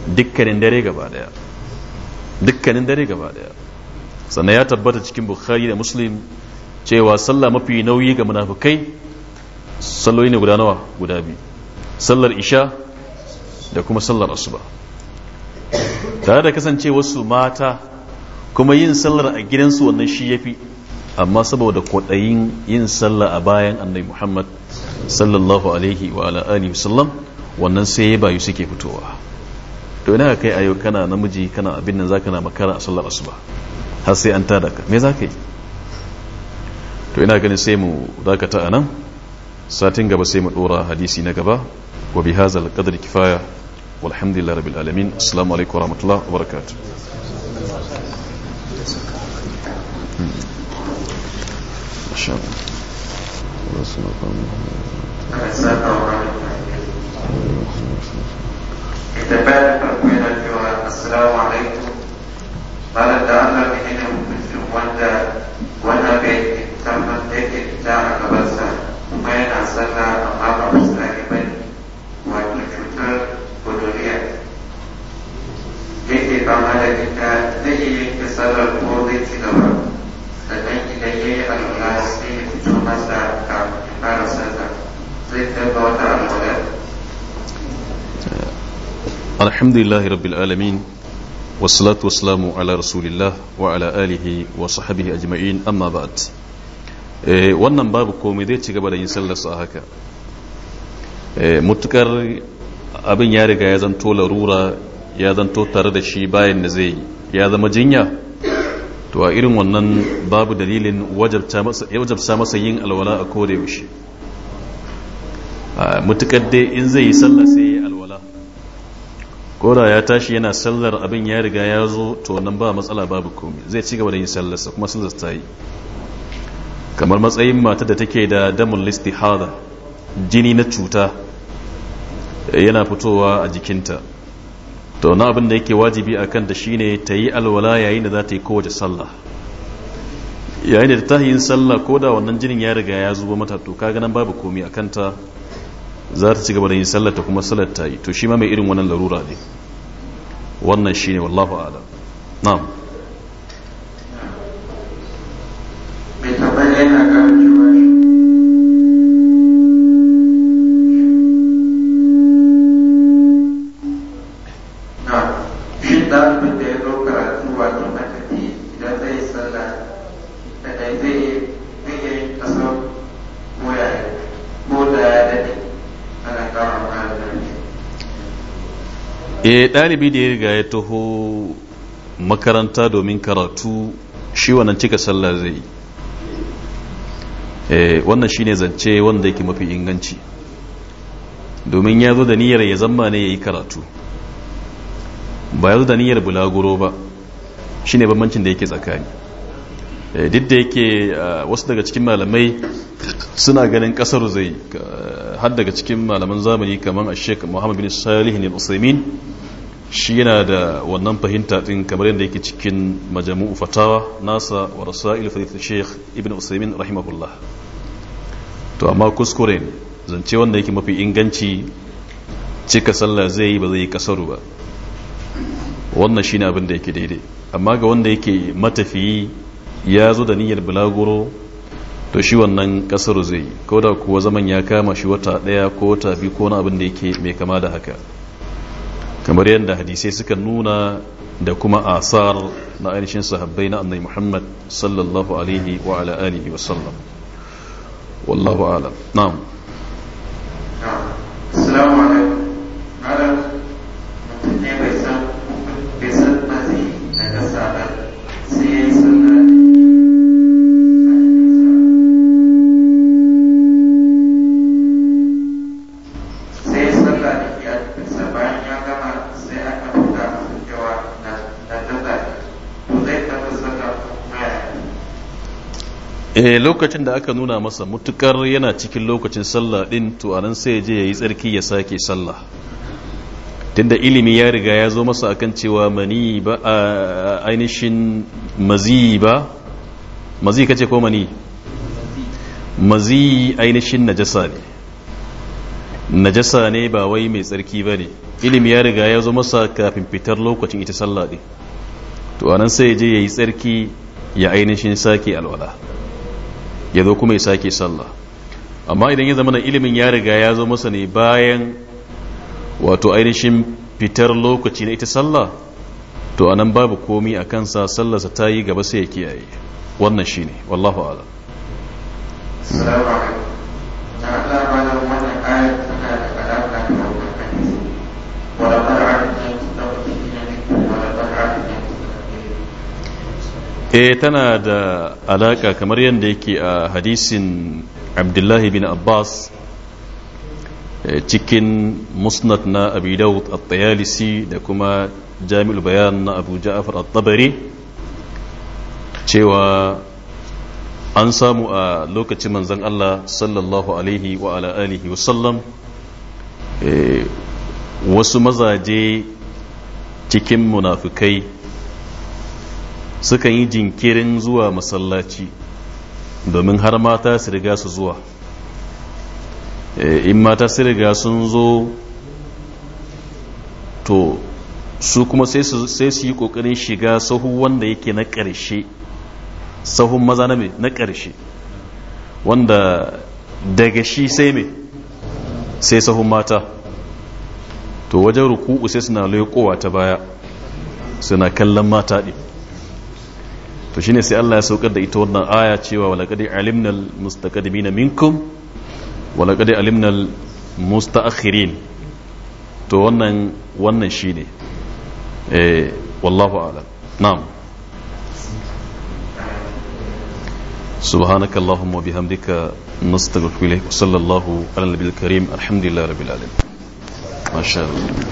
dukkanin dare gaba daya dukkanin dare gaba daya sannan ya tabbata cikin bukhari da muslim cewa sallah mafi nauyi ga munafukai salloyi ne guda nawa guda biyu sallar isha da kuma sallar asuba tare da kasance wasu mata kuma yin sallar a gidansu wannan shi ya fi amma saboda kwaɗayin yin sallah a bayan annabi muhammad sallallahu alaihi wa alihi wasallam wannan sai ya bayu suke fitowa to ina kai a yau kana namiji kana abin nan zaka na makara a sallar asuba har sai an tada ka me zaka yi to ina ganin sai mu dakata a nan satin gaba sai mu dora hadisi na gaba wa bi hadzal qadri kifaya walhamdulillahi rabbil alamin assalamu alaikum warahmatullahi wabarakatuh ما شاء الله وصلى الله السلام عليكم قال تعلم انه مثل وانت وانا بيت تم بيت بتاعك بس وما ينعسلنا امام مستقبل وتشتر قدريات yake kama da ita zai yi yin kasar ko alwala sai ya fito masa kafin fara sallah الحمد لله رب العالمين والصلاة والسلام wannan babu komai zai ci da yin sallarsa a haka eh, mutukar abin ya riga ya zanto larura ya zanto tare da shi bayan da zai ya zama jinya to a irin wannan babu dalilin wajabta masa yin alwala a koda yaushe mutukar dai in zai yi sallah sai ya yi alwala koda ya tashi yana sallar abin ya riga ya zo to nan ba matsala babu komai zai ci gaba da yin sallarsa kuma sallar ta yi kamar matsayin mata da take da damun hada jini na cuta yana fitowa a jikinta to na abin da yake wajibi a kan da shi ne ta yi alwala yayin da za ta yi kowace sallah yayin da ta yin sallah ko da wannan jinin ya riga ya zuba mata to kaga nan babu komi a kanta za ta ci gaba da yin sallah ta kuma sallar ta yi to shi ma mai irin wannan larura ne wannan shi ne wallahu a'lam eh ɗalibi da ya riga ya taho makaranta domin karatu shi wannan cika sallah zai yi eh, wannan shine zance wanda yake mafi inganci domin ya zo da niyyar ya zama ne ya yi karatu ba ya zo da niyyar bulaguro ba shine bambancin da yake tsakani eh, duk da yake ah, wasu daga cikin malamai suna ganin kasar zai ah, har daga cikin malaman zamani kamar a shek muhammad bin salih ne usaimin shi yana da wannan fahimta din kamar yadda yake cikin majamu'u fatawa nasa wa rasail fadhilatu sheikh ibn usaymin rahimahullah to amma kuskure ne zance wanda yake mafi inganci cika sallah zai yi ba zai yi kasaru ba wannan shine abin da yake daidai amma ga wanda yake matafiyi ya zo da niyyar bulaguro to shi wannan kasaru zai ko da kuwa zaman ya kama shi wata daya ko ta biyu ko wani abin da yake mai kama da haka kamar yadda hadisai suka nuna da kuma asar na ainihin sahabbai na annai muhammad sallallahu alaihi wa ala alihi wa sallam wallahu ala na'am assalamu alaikum malam mutum ne bai san bai san mazi na kasa eh lokacin da aka nuna masa mutukar yana cikin lokacin sallah din to anan sai je yi tsarki ya sake sallah tunda ilimi ya riga ya zo masa akan cewa mani ba ainihin mazi ba mazi kace ko mani mazi ainihin najasa ne najasa ne ba wai mai tsarki ba ne ilimi ya riga ya zo masa kafin fitar lokacin ita sallah din to anan sai je yi tsarki ya ainihin sake alwala ya zo kuma ya sake sallah amma idan ya zama na ilimin ya riga ya zo masa ne bayan wato ainihin fitar lokaci na ita sallah to anan babu komi a kansa sallarsa ta yi gaba sai ya kiyaye wannan shine wallahu a'lam eh tana da alaka kamar yadda yake a hadisin abdullahi bin abbas eh, cikin musnad na abi daud at-tayalisi da kuma jami'ul bayan na abu ja'afar tabari cewa an samu a lokacin manzan Allah sallallahu alaihi wa ala alihi wa eh, wasu mazaje cikin munafukai. sukan yi jinkirin zuwa masallaci domin har mata su riga su zuwa eh, in mata su riga sun zo to su kuma sai su yi kokarin shiga sahu wanda yake na ƙarshe sahun maza na ƙarshe wanda daga shi sai me sai sahun mata to wajen ruku'u sai suna leƙowa ta baya suna kallon mata ɗin to shine sai Allah ya saukar da ita wannan aya cewa walaqad alimna almustaqdimina minkum walaqad alimna almustaakhirin to wannan wannan shine eh wallahu a'lam na'am سبحانك اللهم وبحمدك نستغفرك وصلى الله على النبي الكريم الحمد لله رب العالمين ما شاء الله